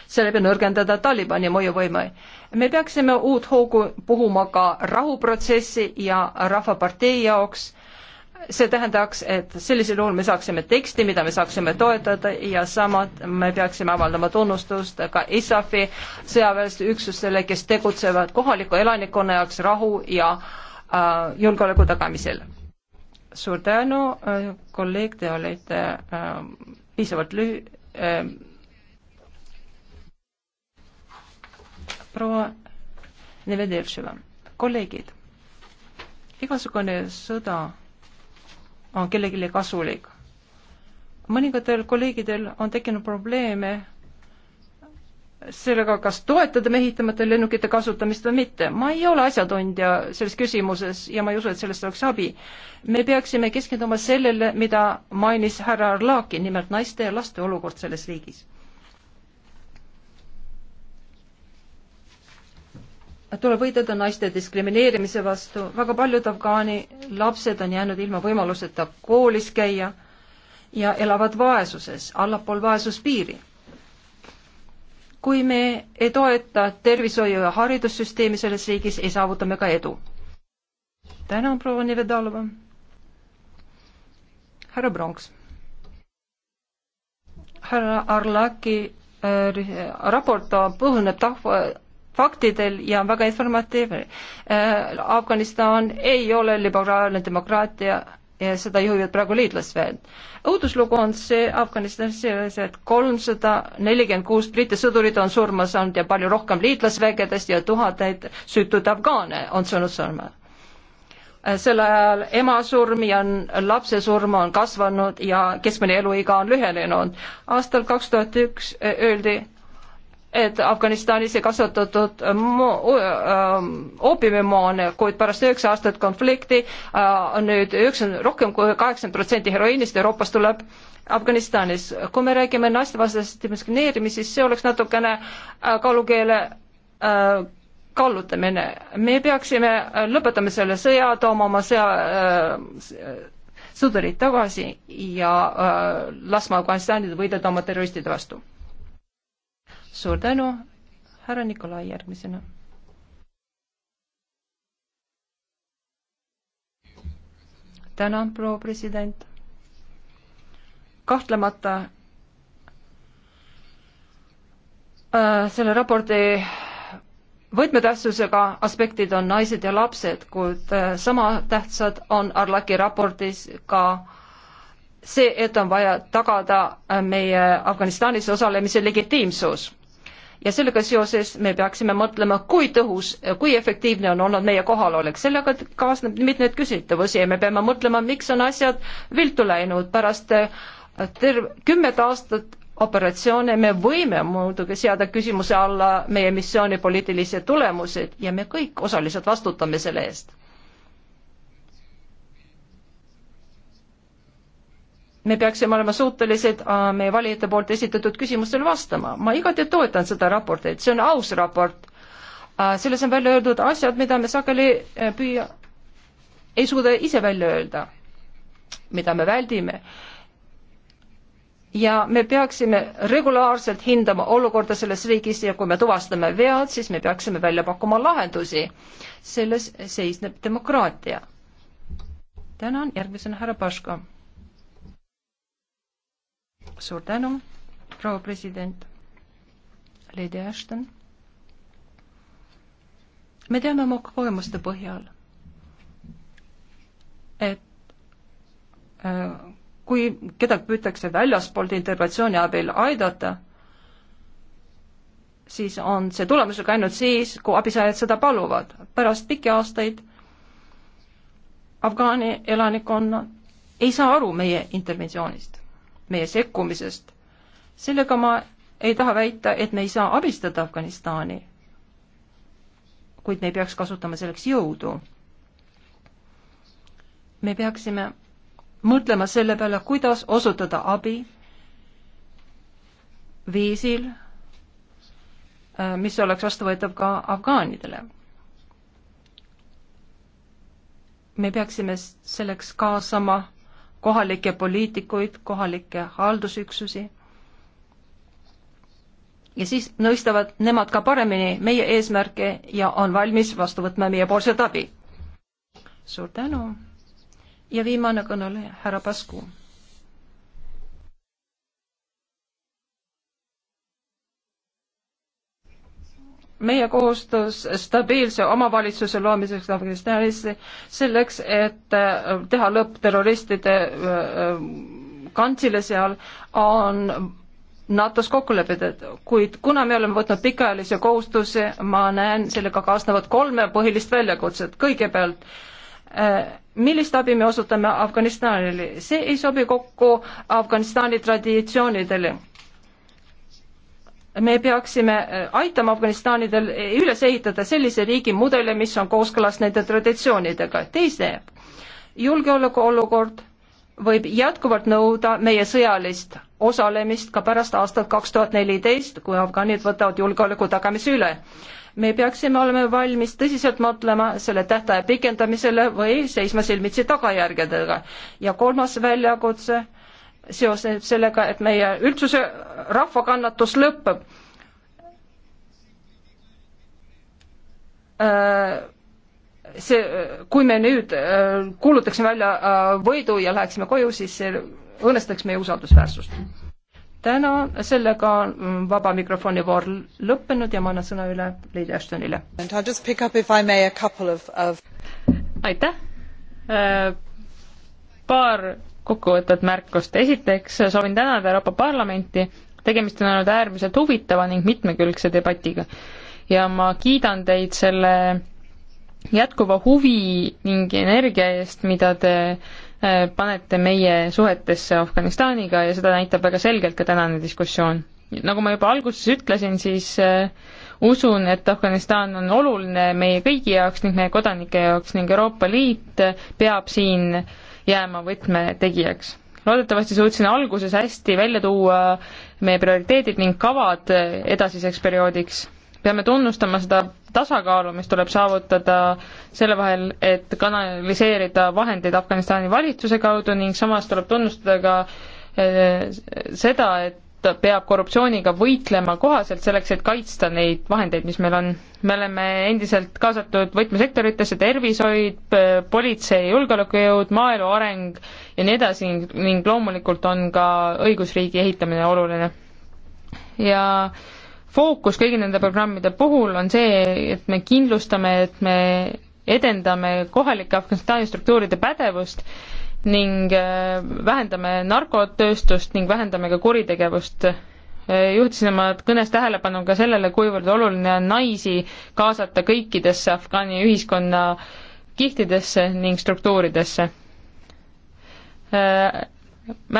seeläbi nõrgendada Talibani mõjuvõime. me peaksime uut hoogu puhuma ka rahuprotsessi ja Rahvapartei jaoks see tähendaks, et sellisel juhul me saaksime teksti, mida me saaksime toetada ja samad me peaksime avaldama tunnustust ka ISAF-i sõjaväeliste üksustele, kes tegutsevad kohaliku elanikkonna jaoks rahu ja äh, julgeoleku tagamisel. suur tänu äh,, kolleeg, te olete äh, piisavalt lühi- äh,. proua Nevedeltševa, kolleegid, igasugune sõda on kellelegi kasulik. mõningatel kolleegidel on tekkinud probleeme sellega, kas toetada mehitamata lennukite kasutamist või mitte. ma ei ole asjatundja selles küsimuses ja ma ei usu, et sellest oleks abi. me peaksime keskenduma sellele, mida mainis härra Arlaki, nimelt naiste ja laste olukord selles riigis tuleb võidelda naiste diskrimineerimise vastu, väga paljud afgaani lapsed on jäänud ilma võimaluseta koolis käia ja elavad vaesuses, allapool vaesuspiiri. kui me ei toeta tervishoiu ja haridussüsteemi selles riigis, ei saavuta me ka edu. tänan, proua Nivedalova. härra Pronks. härra Arlaki äh, raport põhineb tahva faktidel ja on väga informatiivne. Äh, Afganistan ei ole liberaalne demokraatia ja seda juhivad praegu liitlasväed. õuduslugu on see Afganistanis selles, et kolmsada nelikümmend kuus Briti sõdurit on surma saanud ja palju rohkem liitlasvägedest ja tuhandeid süütuid afgaane on saanud surma. Äh, sel ajal ema surm ja lapse surm on kasvanud ja keskmine eluiga on lühenenud. aastal kaks tuhat üks äh, öeldi, et Afganistanis ei kasutatud ähm, oopiumimoone, kuid pärast üheksa aastat konflikti äh, on nüüd üheksakümmend, rohkem kui kaheksakümmend protsenti heroiinist Euroopast tuleb Afganistanis. kui me räägime naistevastasest diskrimineerimisest, siis see oleks natukene äh, kaalukeele äh, kallutamine. me peaksime lõpetama selle sõja, tooma oma sõja sõdurid tagasi ja laskma Afganistanil võidelda oma terroristide vastu suur tänu, härra Nikolai järgmisena. tänan, proua president. kahtlemata äh, selle raporti võtmetähtsusega aspektid on naised ja lapsed, kuid äh, sama tähtsad on Arlaki raportis ka see, et on vaja tagada äh, meie Afganistanis osalemise legitiimsus ja sellega seoses me peaksime mõtlema, kui tõhus, kui efektiivne on olnud meie kohalolek, sellega kaasneb mitmeid küsitavusi ja me peame mõtlema, miks on asjad viltu läinud pärast äh, terv-, kümmet aastat operatsioone me võime muidugi seada küsimuse alla meie missiooni poliitilised tulemused ja me kõik osaliselt vastutame selle eest me peaksime olema suutelised äh, meie valijate poolt esitatud küsimustele vastama. ma igati toetan seda raportit, see on aus raport. Äh, selles on välja öeldud asjad, mida me sageli äh, püüa, ei suuda ise välja öelda, mida me väldime. ja me peaksime regulaarselt hindama olukorda selles riigis ja kui me tuvastame vead, siis me peaksime välja pakkuma lahendusi. selles seisneb demokraatia. tänan, järgmisena härra Paško suur tänu, proua president, Lady Ashton. me teame oma kogemuste põhjal, et äh, kui kedagi püütakse väljaspoolt integratsiooni abil aidata, siis on see tulemusega ainult siis, kui abisaajad seda paluvad. pärast pikki aastaid Afgaani elanikkonna ei saa aru meie interventsioonist meie sekkumisest. sellega ma ei taha väita, et me ei saa abistada Afganistani, kuid me ei peaks kasutama selleks jõudu. me peaksime mõtlema selle peale, kuidas osutada abi viisil, äh, mis oleks vastuvõetav ka afgaanidele. me peaksime selleks kaasama kohalikke poliitikuid, kohalikke haldusüksusi. ja siis nõistavad nemad ka paremini meie eesmärke ja on valmis vastu võtma meiepoolset abi. suur tänu ja viimane kõneleja, härra Pasku meie koostöös stabiilse omavalitsuse loomiseks Afganistanis, selleks, et äh, teha lõpp terroristide äh, äh, kantsile seal, on NATO-s kokku lepitud, kuid kuna me oleme võtnud pikaajalise kohustuse, ma näen sellega kaasnevat kolme põhilist väljakutset. kõigepealt millist abi me osutame Afganistanile, see ei sobi kokku Afganistani traditsioonidele me peaksime äh, aitama Afganistanidel äh, üles ehitada sellise riigi mudeli, mis on kooskõlas nende traditsioonidega. teise, julgeolekuolukord võib jätkuvalt nõuda meie sõjalist osalemist ka pärast aastat kaks tuhat neliteist, kui afgaanid võtavad julgeoleku tagamise üle. me peaksime olema valmis tõsiselt mõtlema selle tähtaja pikendamisele või seisma silmitsi tagajärgedega. ja kolmas väljakutse äh, seoses sellega, et meie üldsuse rahvakannatus lõpeb äh, see, kui me nüüd äh, kuulutaksime välja äh, võidu ja läheksime koju, siis see õõnestaks meie usaldusväärsust. täna sellega on mm, vaba mikrofoni voor lõppenud ja ma annan sõna üle Leili Ashtonile. aitäh, äh, paar kokkuvõtvat märkust. esiteks soovin tänada Euroopa Parlamenti, tegemist on olnud äärmiselt huvitava ning mitmekülgse debatiga. ja ma kiidan teid selle jätkuva huvi ning energia eest, mida te äh, panete meie suhetesse Afganistaniga ja seda näitab väga selgelt ka tänane diskussioon. nagu ma juba alguses ütlesin, siis äh, usun, et Afganistan on oluline meie kõigi jaoks ning meie kodanike jaoks ning Euroopa Liit äh, peab siin äh, jääma võtmetegijaks. loodetavasti suutsin alguses hästi välja tuua meie prioriteedid ning kavad edasiseks perioodiks. peame tunnustama seda tasakaalu, mis tuleb saavutada selle vahel, et kanaliseerida vahendeid Afganistani valitsuse kaudu ning samas tuleb tunnustada ka eh, seda, et peab korruptsiooniga võitlema kohaselt, selleks et kaitsta neid vahendeid, mis meil on. me oleme endiselt kaasatud võtmesektoritesse, tervishoid, politsei, julgeolekujõud, maaelu areng ja nii edasi ning loomulikult on ka õigusriigi ehitamine oluline. ja fookus kõigi nende programmide puhul on see, et me kindlustame, et me edendame kohalike Afganistani struktuuride pädevust ning äh, vähendame narkotööstust ning vähendame ka kuritegevust. Äh, juhtisin oma kõnes tähelepanu ka sellele, kuivõrd oluline on naisi kaasata kõikidesse Afgaani ühiskonna kihtidesse ning struktuuridesse. Äh,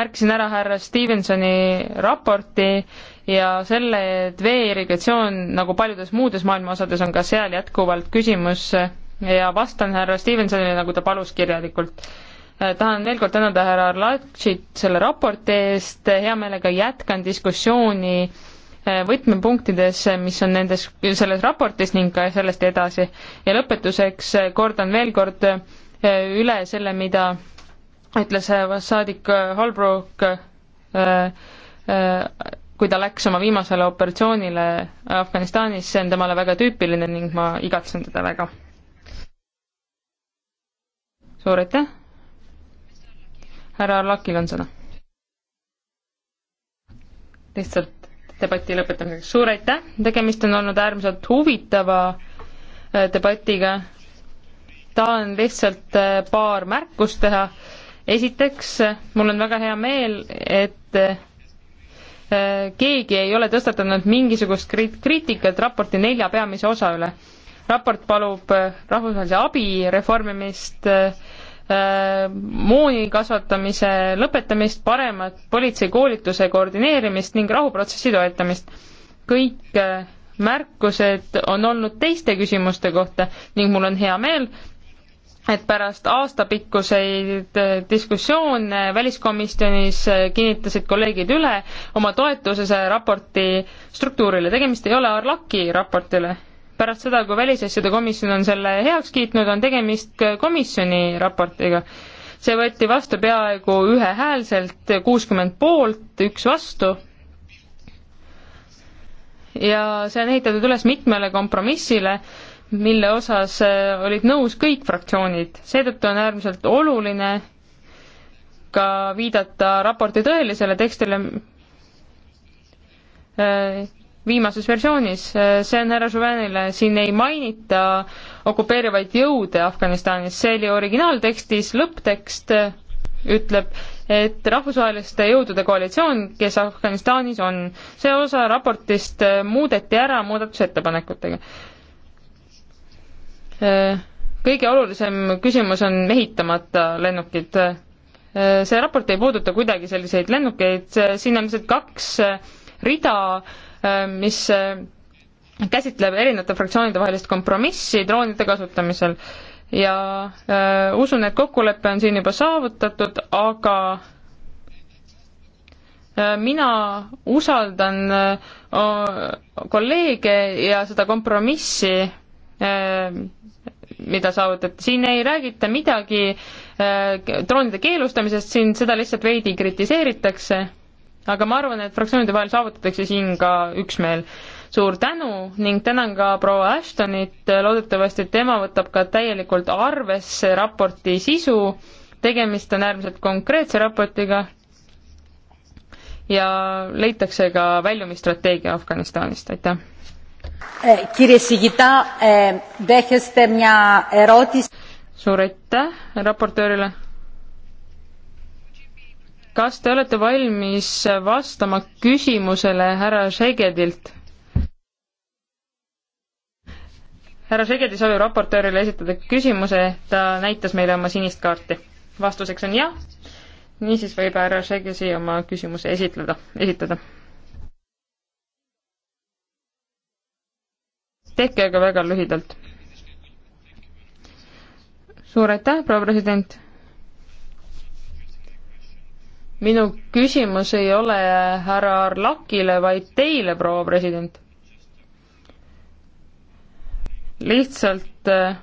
märkisin ära härra Stevensoni raporti ja selle, et veeirrigatsioon nagu paljudes muudes maailma osades on ka seal jätkuvalt küsimus ja vastan härra Stevensonile, nagu ta palus kirjalikult Äh, tahan veel kord tänada härra Arlatšit selle raporti eest, hea meelega jätkan diskussiooni äh, võtmepunktides, äh, mis on nendes, selles raportis ning ka sellest edasi. ja lõpetuseks kordan veel kord üle selle, mida ütles saadik Holbrook, kui ta läks oma viimasele operatsioonile Afganistanis, see on temale väga tüüpiline ning ma igatsen teda väga. suur aitäh! härra Arlakil on sõna. lihtsalt debati lõpetamiseks, suur aitäh, tegemist on olnud äärmiselt huvitava äh, debatiga. tahan lihtsalt äh, paar märkust teha. esiteks, mul on väga hea meel, et äh, keegi ei ole tõstatanud mingisugust kriitikat raporti nelja peamise osa üle. raport palub rahvusvahelise abi reformimist äh, Äh, mooni kasvatamise lõpetamist, paremat politseikoolituse koordineerimist ning rahuprotsessi toetamist. kõik äh, märkused on olnud teiste küsimuste kohta ning mul on hea meel, et pärast aastapikkuseid äh, diskussioone väliskomisjonis kinnitasid kolleegid üle oma toetuse raporti struktuurile. tegemist ei ole Arlaki raportile pärast seda, kui Välisasjade komisjon on selle heaks kiitnud, on tegemist komisjoni raportiga. see võeti vastu peaaegu ühehäälselt, kuuskümmend poolt, üks vastu, ja see on ehitatud üles mitmele kompromissile, mille osas äh, olid nõus kõik fraktsioonid, seetõttu on äärmiselt oluline ka viidata raporti tõelisele tekstile, äh, viimases versioonis, see on härra Žuvenile, siin ei mainita okupeerivaid jõude Afganistanis, see oli originaaltekstis, lõpptekst ütleb, et rahvusvaheliste jõudude koalitsioon, kes Afganistanis on, see osa raportist muudeti ära muudatusettepanekutega. kõige olulisem küsimus on mehitamata lennukid. see raport ei puuduta kuidagi selliseid lennukeid, siin on lihtsalt kaks rida Äh, mis äh, käsitleb erinevate fraktsioonide vahelist kompromissi droonide kasutamisel ja äh, usun, et kokkulepe on siin juba saavutatud, aga äh, mina usaldan äh, kolleege ja seda kompromissi äh,, mida saavutati, siin ei räägita midagi äh, droonide keelustamisest, siin seda lihtsalt veidi kritiseeritakse aga ma arvan, et fraktsioonide vahel saavutatakse siin ka üksmeel. suur tänu ning tänan ka proua Ashtonit, loodetavasti tema võtab ka täielikult arvesse raporti sisu, tegemist on äärmiselt konkreetse raportiga ja leitakse ka väljumisstrateegia Afganistanist, aitäh. Eh, eh, suur aitäh raportöörile kas te olete valmis vastama küsimusele härra Šegedilt? härra Šegedi soovib raportöörile esitada küsimuse, ta näitas meile oma sinist kaarti. vastuseks on jah, niisiis võib härra Šegedi oma küsimuse esitleda, esitada. tehke aga väga lühidalt. suur aitäh, proua president minu küsimus ei ole härra Arlakile, vaid teile, proua president. lihtsalt eh,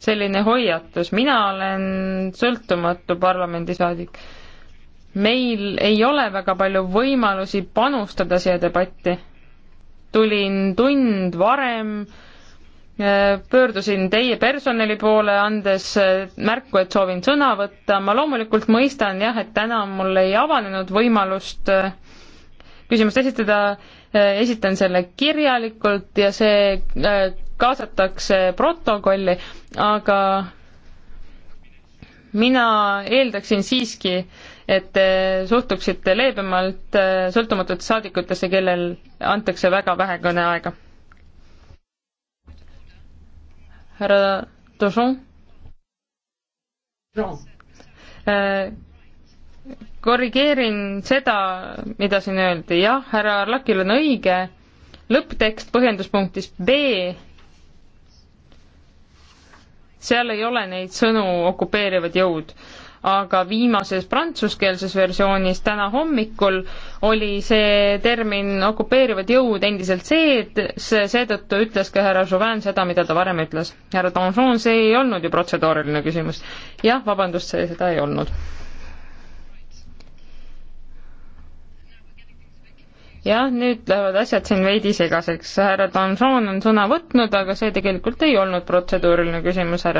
selline hoiatus, mina olen sõltumatu parlamendisaadik. meil ei ole väga palju võimalusi panustada siia debatti. tulin tund varem äh, pöördusin teie personali poole, andes äh, märku, et soovin sõna võtta, ma loomulikult mõistan jah, et täna mul ei avanenud võimalust äh, küsimust esitada, äh, esitan selle kirjalikult ja see kaasatakse protokolli, aga mina eeldaksin siiski, et te suhtuksite leebemalt sõltumatutesse saadikutesse, kellel antakse väga vähe kõneaega härra Dojon? Äh, korrigeerin seda, mida siin öeldi, jah, härra Arlakil on õige, lõpptekst põhjenduspunktis B, seal ei ole neid sõnu okupeerivad jõud aga viimases prantsuskeelses versioonis täna hommikul oli see termin okupeerivad jõud endiselt seed, seetõttu ütles ka härra Chauvin seda, mida ta varem ütles. härra Danjon, see ei olnud ju protseduuriline küsimus. jah, vabandust, see seda ei olnud. jah, nüüd lähevad asjad siin veidi segaseks. härra Danjon on sõna võtnud, aga see tegelikult ei olnud protseduuriline küsimus, härra